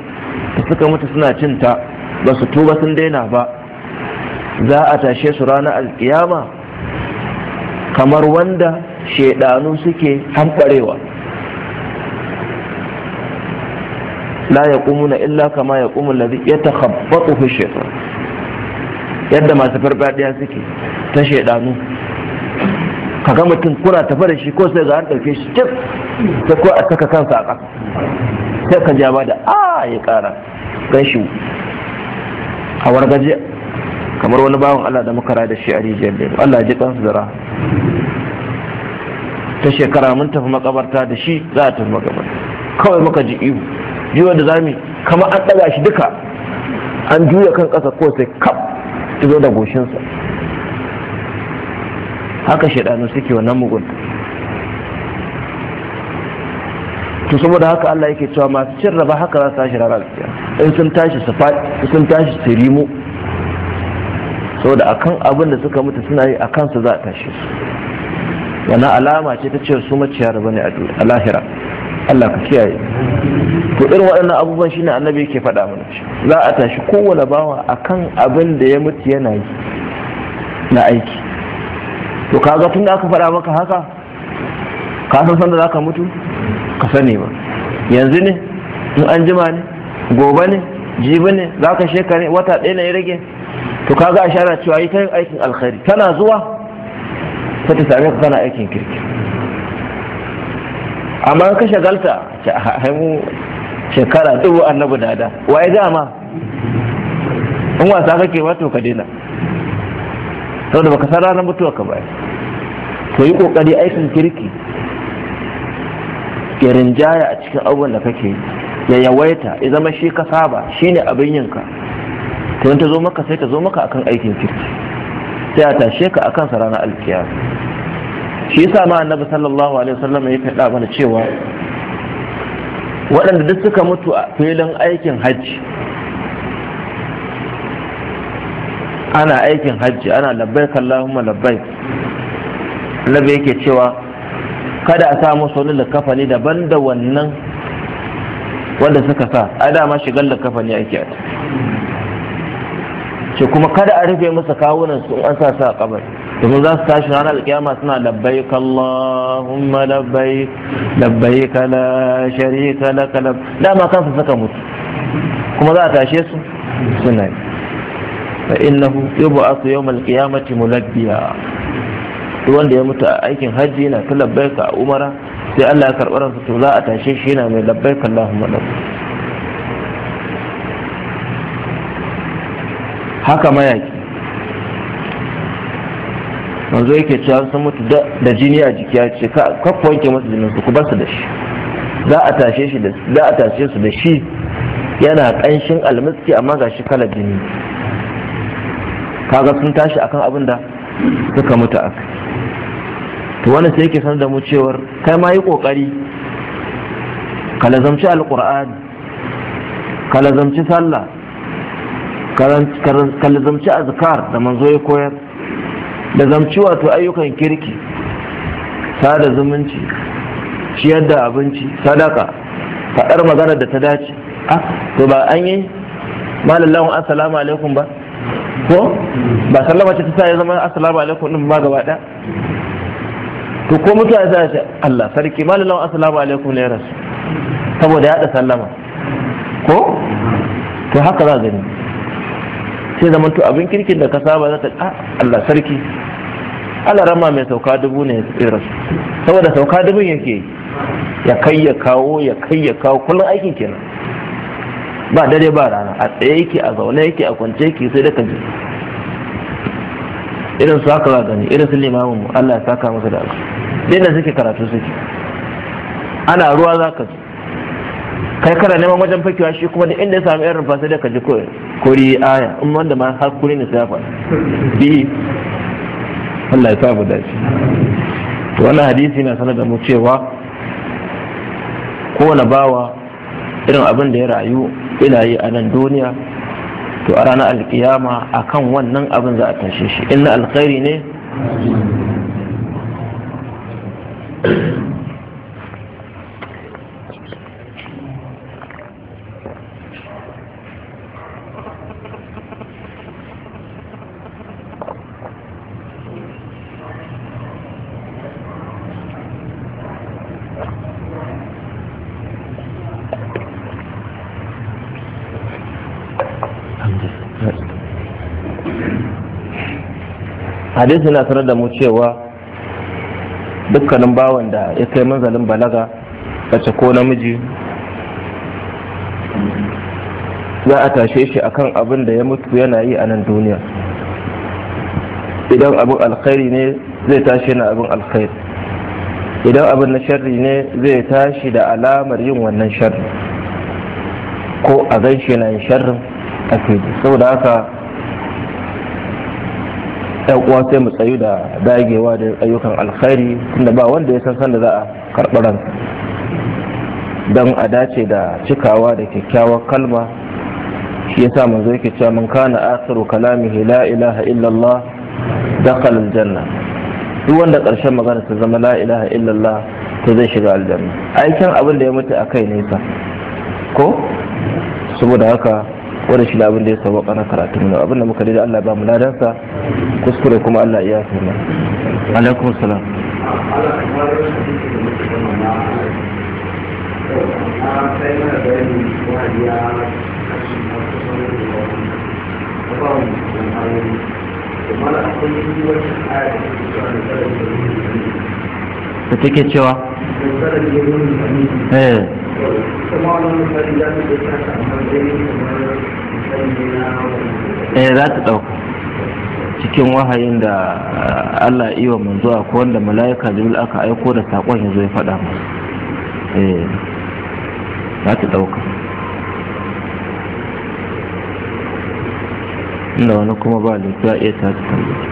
suka mutu suna cinta ba su tuba sun daina ba za a tashe su ranar alkiyama kamar wanda shaidanu suke hankarewa la ya na illa kama ya ƙumu lazi ya ta haɓɓaɓu shaitan yadda masu farfaɗiya suke ta shaidanu Ka ga mutum kuna tafa da shi ko sai ga an ɗauke shi cik ta ko a saka kansa a ƙasa sai ka ja da a ya ƙara gan shi a wargaje kamar wani bawan Allah da makara da shi a rijiyar da Allah ji kansu zira ta shekara mun tafi makabarta da shi za a tafi makabarta kawai muka ji ihu jiwa da zami kamar an ɗaga shi duka an juya kan ƙasa ko sai kaf zo da goshinsa haka shaidanu suke wannan mugun. to saboda haka Allah yake cewa masu cin raba haka za su tashi ranar in sun tashi su sun tashi su rimu. saboda akan abin da suka mutu suna yi akan su za a tashi su wani alama ce ta ce su maciyar ne a lahira Allah ka kiyaye to irin waɗannan abubuwan shine annabi yake faɗa mana za a tashi kowane bawa akan abin da ya mutu yana yi na aiki to kaga tun da aka faɗa maka haka ka san sanda za ka mutu ka sani ba yanzu ne in an jima ne gobe ne jibi ne za ka shekare wata ɗaya ne ya rage to kaga ashara cewa yi ta yin aikin alkhairi tana zuwa ta ta same ka kana aikin kirki amma ka shagalta haimu ah, shekara dubu annabi dada waye dama in wasa kake wato ka daina saboda baka san ranar mutuwa ka ba to yi kokari aikin kirki ya rinjaya a cikin abubuwan da kake ya yawaita ya zama shi ka saba shine abin yinka sai ta zo maka sai ta zo maka akan aikin kirki sai a tashe ka akan sa ranar alkiyama shi yasa ma annabi sallallahu alaihi wasallam ya faɗa mana cewa waɗanda duk suka mutu a filin aikin hajji ana aikin hajji ana labbai kallahumma labbai annabi yake cewa kada a samu wani likafani daban da wannan wanda suka sa a dama shigar kafani ake a ce kuma kada a rufe masa kawunan su an sa su a kabari domin za su tashi ranar alkiyama suna labbai Allahumma labbai labbai kala sharika laka labbai dama kansu saka mutu kuma za a tashe su suna yi fa innahu yub'athu yawm al-qiyamati mulabbiya duk wanda ya mutu a aikin hajji na ta labbaika a umara sai Allah ya karɓar sa to za a tashe shi yana mai labbaika Allahumma labbaik haka mayaki manzo yake cewa sun mutu da jini a jiki ya ce kakku wanke masu jinin su ku basu da shi za a tashe shi za a tashe su da shi yana kanshin almiski amma ga shi kala jini kaga sun tashi akan abin da suka mutu a kai. to wani sai yake sanar da mu cewar kai ma yi kokari ka lazamci alqur'ani ka lazamci sallah kalizamci a zikar da manzo ya koyar da zamci wato ayyukan kirki sada zumunci ciyar da abinci sadaka faɗar magana da ta dace ah, to ba an yi malallahu assalamu alaikum ba ko ba sallama ce ta sa ya zama assalamu alaikum din ba gaba ɗaya to ko mutu za ce Allah sarki malallahu assalamu alaikum ne rasu saboda ya da sallama ko to haka za gani sai zama to abin kirkin da ka saba za ta a ah, Allah sarki Allah rama mai sauka dubu ne ya tsira saboda sauka dubu yake ya kai ya kawo ya kai ya kawo kullum aikin kenan ba dare ba rana a tsaye yake a zaune yake a kwance yake sai da ka ji irin su haka gani irin su limamin mu Allah ya saka masa da dai da suke karatu suke ana ruwa za ka ji kai kana neman wajen fakewa shi kuma da inda ya samu yan rumfa sai da ka ji kori aya in wanda ma har kuri ne su ya faɗi bi Allah ya sa mu dace to wannan hadisi na sanar da mu cewa kowane bawa irin abin da ya rayu ina yi a nan duniya to a ranar alkiyama akan wannan abin za a tashe shi inna alkhairi ne hadisi na sanar da mu cewa dukkanin bawan da ya kai manzalin balaga mace ko namiji za a tashe shi akan abin da ya mutu yana yi a nan duniya idan abin alkhairi ne zai tashi na abin alkhairi idan abin na sharri ne zai tashi da alamar yin wannan sharri ko a gan shi na yin sharrin a saboda haka yan uwa sai mu tsayu da dagewa da ayyukan alkhairi tunda ba wanda ya san sanda za a karɓi ransa a dace da cikawa da kyakkyawar kalma shi yasa manzo yake cewa mun kana akhiru kalamihi la ilaha illallah dakhala aljanna duk wanda ƙarshen magana ta zama la ilaha illallah to zai shiga aljanna aikin abin da ya mutu a kai nesa ko saboda haka wanda shi labin da ya saba kana karatu mu abin da muka da Allah ba mu ladansa kuskure kuma Allah ya yafe mu alaikum salam da take cewa eh eh za ta ɗauka cikin wahayin da ah, Allah iya manzo a ko wanda mala'ika jibril aka aiko da saƙon ya zo ya faɗa masa eh za ta ɗauka inda wani kuma ba a iya ta ta tambaye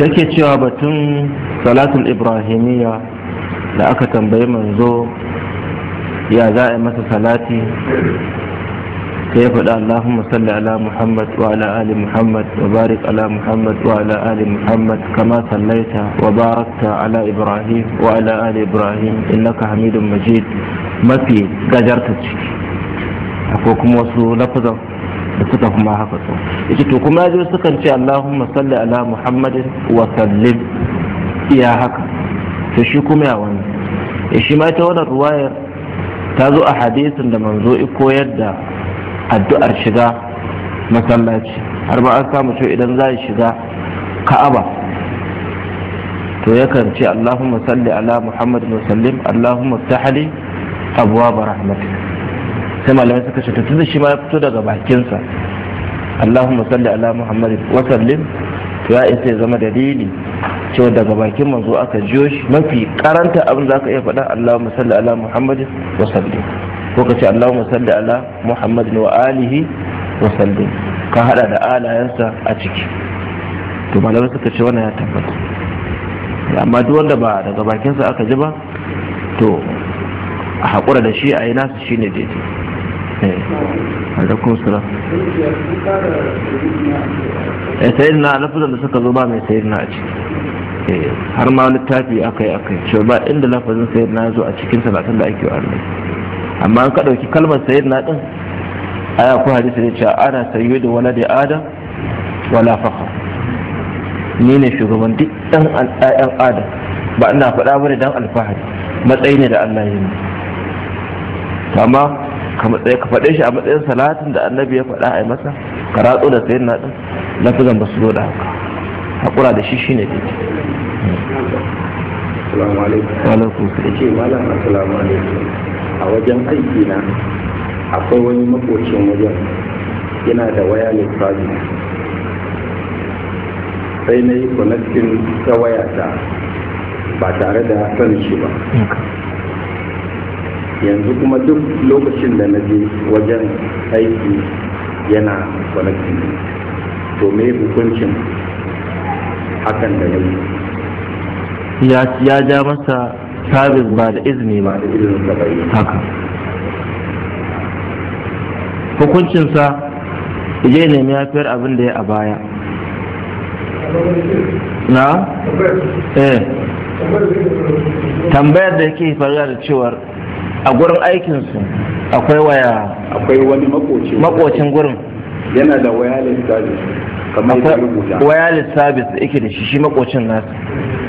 yake cewa batun salatul ibrahimiyya da aka tambayi manzo ya za a masa salati sai ya faɗi Allahumma salli ala Muhammad wa ala ali Muhammad wa barik ala Muhammad wa ala ali Muhammad kama sallaita wa barakta ala Ibrahim wa ala ali Ibrahim innaka Hamidum Majid mafi gajarta ciki akwai kuma wasu lafazan da suka kuma haka so yace to kuma yaje sukan ce Allahumma salli ala Muhammadin wa sallim iya haka to shi kuma ya wani ya e, shi ma ta wannan ruwayar ta zo a hadisin da manzo i koyar da addu'ar shiga masallaci har ma an samu to idan za shiga ka'aba to yakan ce Allahumma salli ala Muhammadin wa sallim Allahumma tahli abwaab rahmatik sai malamai suka ce tunda shi ma ya fito daga bakinsa Allahumma salli ala Muhammad wa sallim to ya isa ya zama dalili cewa daga bakin manzo aka jiyo shi mafi karanta abin da aka iya faɗa Allahumma salli ala Muhammad wa sallim ko ka ce Allahumma salli ala Muhammad wa alihi wa sallim ka hada da alayansa a ciki to malamai suka ce wannan ya tabbata amma duk wanda ba daga bakinsa aka ji ba to a haƙura da shi a yi nasu ne daidai alaikum salam a eh, sayyidina lafazan da suka zo ba mai sayyidina a ciki eh, har ma littafi akai akai cewa ba inda lafazin sayyidina ya zo a cikin salatin da ake wa Allah amma an ka dauki kalmar sayyidina din aya ko hadisi ne cewa ana wala da adam wala fakhr ni ne shugaban duk dan al'ayan adam ba ina faɗa bane dan alfahari matsayi ne da Allah ya yi amma ka faɗe shi a matsayin salatin da annabi ya faɗa a masa ka ratso da sayin na ɗin lafizan ba su zo da haka haƙura da shi shi ne daidai alaikum. Ce malam assalamu alaikum. A wajen aiki na akwai wani makocin wajen yana da waya mai sai na yi connecting ta wayata ba tare da sanin shi ba. yanzu kuma duk lokacin da na je wajen aiki yana kwanakin to me hukuncin hakan da yau ya ja masa sabis ba da izini ba da izini da bai haka hukuncinsa je nemi yafiyar abin da ya a baya na? eh tambayar da yake faruwa da cewar a gurin aikinsu akwai waya akwai wani makocin gurin yana da wireless service kamar yadda rubuta wireless service da yake da shi shi makocin nasa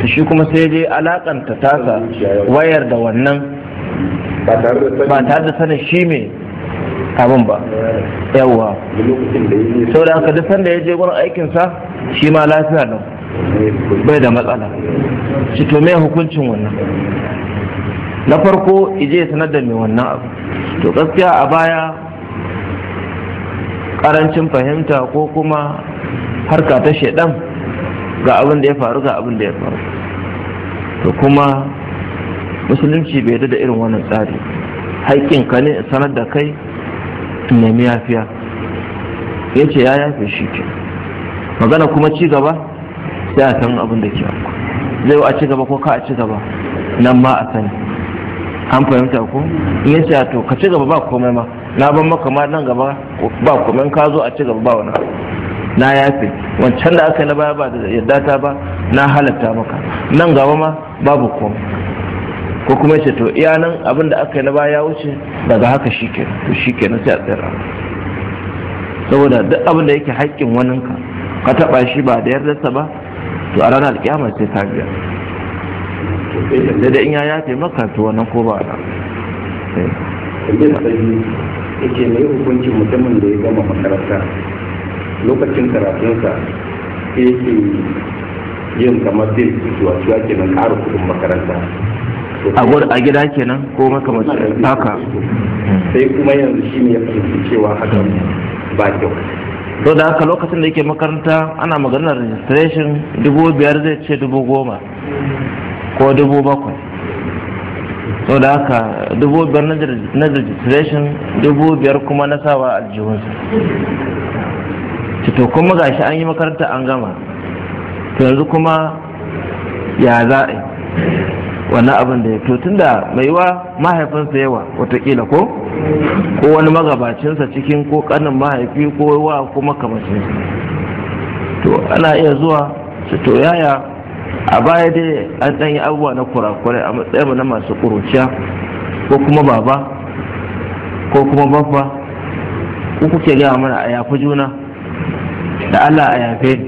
ta shi kuma sai dai alakanta tasa wayar da wannan ba tare da sanin shi mai abin ba yawwa sau da aka duk sanda ya je gurin aikinsa shi ma lafiya nan eh, bai da matsala shi to me hukuncin wannan na farko ije sanar da mai wannan abu to gaskiya a baya karancin fahimta ko kuma harka ta shaidan ga abin da ya faru ga abin da ya faru to kuma musulunci bai da irin wannan tsari haƙƙin ka ne sanar da kai nemi yafiya ya ce ya yafe shi ke magana kuma ci gaba sai a san abin da ke zai a ci gaba ko ka a ci gaba nan ma a sani an fahimta ko in ya to ka ci gaba ba komai ma na ban maka ma nan gaba ba komai ka zo a ci gaba ba wani na yafe wancan da aka yi na baya ba da yadda ta ba na halatta maka nan gaba ma babu komai ko kuma ce to iya nan abin da aka yi na baya ya wuce daga haka shi ke to shi ke na sai a tsira saboda duk abin da yake haƙƙin waninka ka taɓa shi ba da yardarsa ba to a ranar alƙiyama sai ta biya da da in ya yafe maka to wannan ko ba na yake mai hukuncin mutumin da ya gama makaranta lokacin karatunsa sai yake yin kamar zai zuwa cewa nan ƙara kuɗin makaranta a gida kenan ko makamacin haka sai kuma yanzu shi ne ya fahimci cewa haka ba kyau to da haka lokacin da yake makaranta ana maganar registration dubu biyar zai ce dubu goma ko dubu bakwai so da haka dubu biyar na registration dubu biyar kuma na sawa aljihunsa to kuma gashi an yi makaranta an gama to yanzu kuma ya za a abin da ya to tunda mai yiwa mahaifinsa yawa watakila ko ko wani magabacinsa cikin ko kanin mahaifi ko wa kuma makamashinsa to ana iya zuwa to yaya a baya dai an ɗan yi abubuwa na kurakurai a mu na masu ƙuruciya ko kuma baba ko kuma babba ko kuke gaya mana a yafi juna da Allah a yafe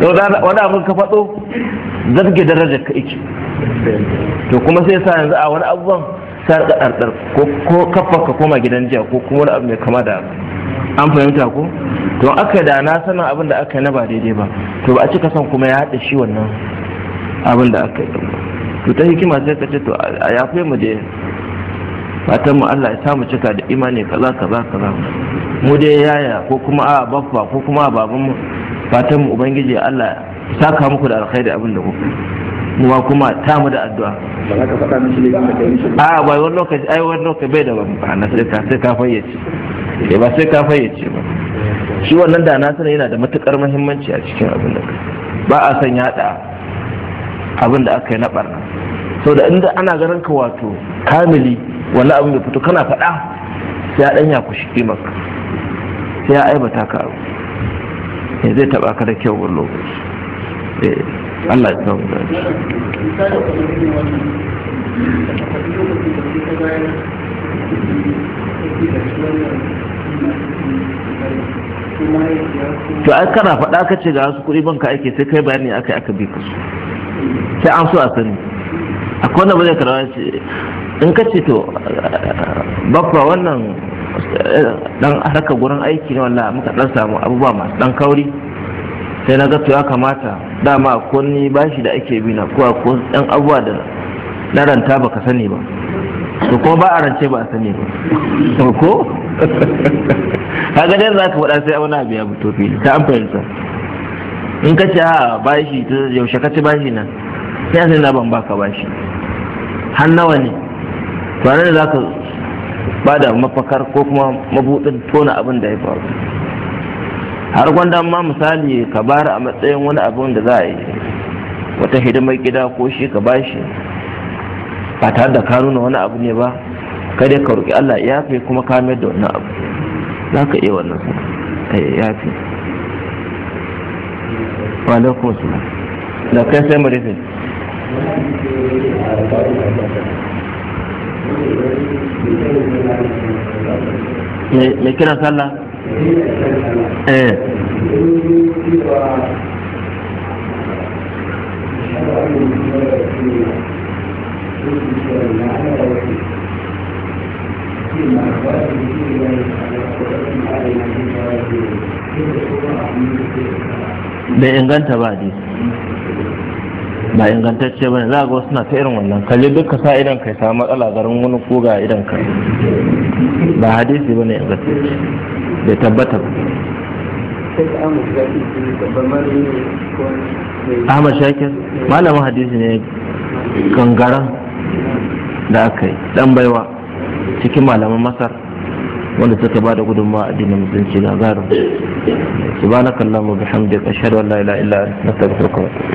wani abin ka faɗo zarge daraja ka iki to kuma sai sa yanzu a wani abubuwan sa ka ɗarɗar ko kafa ka koma gidan jiya ko kuma wani abu mai kama da an fahimta ko to aka da na sanin abin da aka na ba daidai ba to ba a cika son kuma ya haɗa shi wannan abin da aka yi to ta hikima sai ka ce to a yafe mu je fatan mu Allah ya samu cika da imani kaza kaza kaza mu dai yaya ko kuma a baffa ko kuma a baban mu fatan mu ubangiji Allah ya saka muku da alkhairi abin da kuka ba kuma ta mu da addu'a a ba wani lokaci ai wani lokaci bai da ba sai ka sai ka fayyace eh, ba sai ka fayyace ba shi wannan da na sani yana da matukar muhimmanci a cikin abin da ba a son yada abin da aka yi na barna da inda ana ganin ka wato kamili wani abin da fito kana faɗa sai dan ya kushi maka sai ya aibata ka abu ne zai taba ka da kyau wani lokaci Allah ya samu da shi to ai kana faɗa ka ce ga wasu kuɗi banka ake sai kai bayani aka aka bi ka su sai an so a sani a wanda ka ce in ka ce to bafa wannan dan eh, harkar gurin aiki na wallah muka dan samu abubuwa masu dan kauri sai na ga to ya kamata dama ko ni bashi da ake bi na ko ko dan abubuwa da na ranta baka sani ba to kuma ba a rance ba a sani ba ko kaga dai za ka faɗa sai auna biya to fili ta an fahimta in ka ce ha bashi ta yaushe ka ci bashi nan sai a na ban baka bashi har nawa ne ranar da za ka ba da mafakar ko kuma mabuɗin tona abin da ya faru har gwanda ma misali ka bara a matsayin wani abin da za a yi wata hidimar gida ko shi ka bashi ba tare da ka nuna wani abu ne ba kai ka roƙi Allah ya fi kuma ka mayar da wani abu za ka iya wannan sa eh, ya fi wa da kai sai mu rufe sallah eh Thank you. bai inganta ba dai ba ingantacce ba ne za ga wasu na ta irin wannan kalli duka sa idan kai samu matsala garin wani koga idan ka. ba hadisi ba ne ingantacce bai tabbata ba Ahmad Shakir malamin hadisi ne gangaran da aka yi dan baiwa cikin malaman masar wanda suka ba da gudunmawa addinin musulunci gagarin subhanakallahumma bihamdika ashhadu an la ilaha illa anta astaghfiruka wa kawai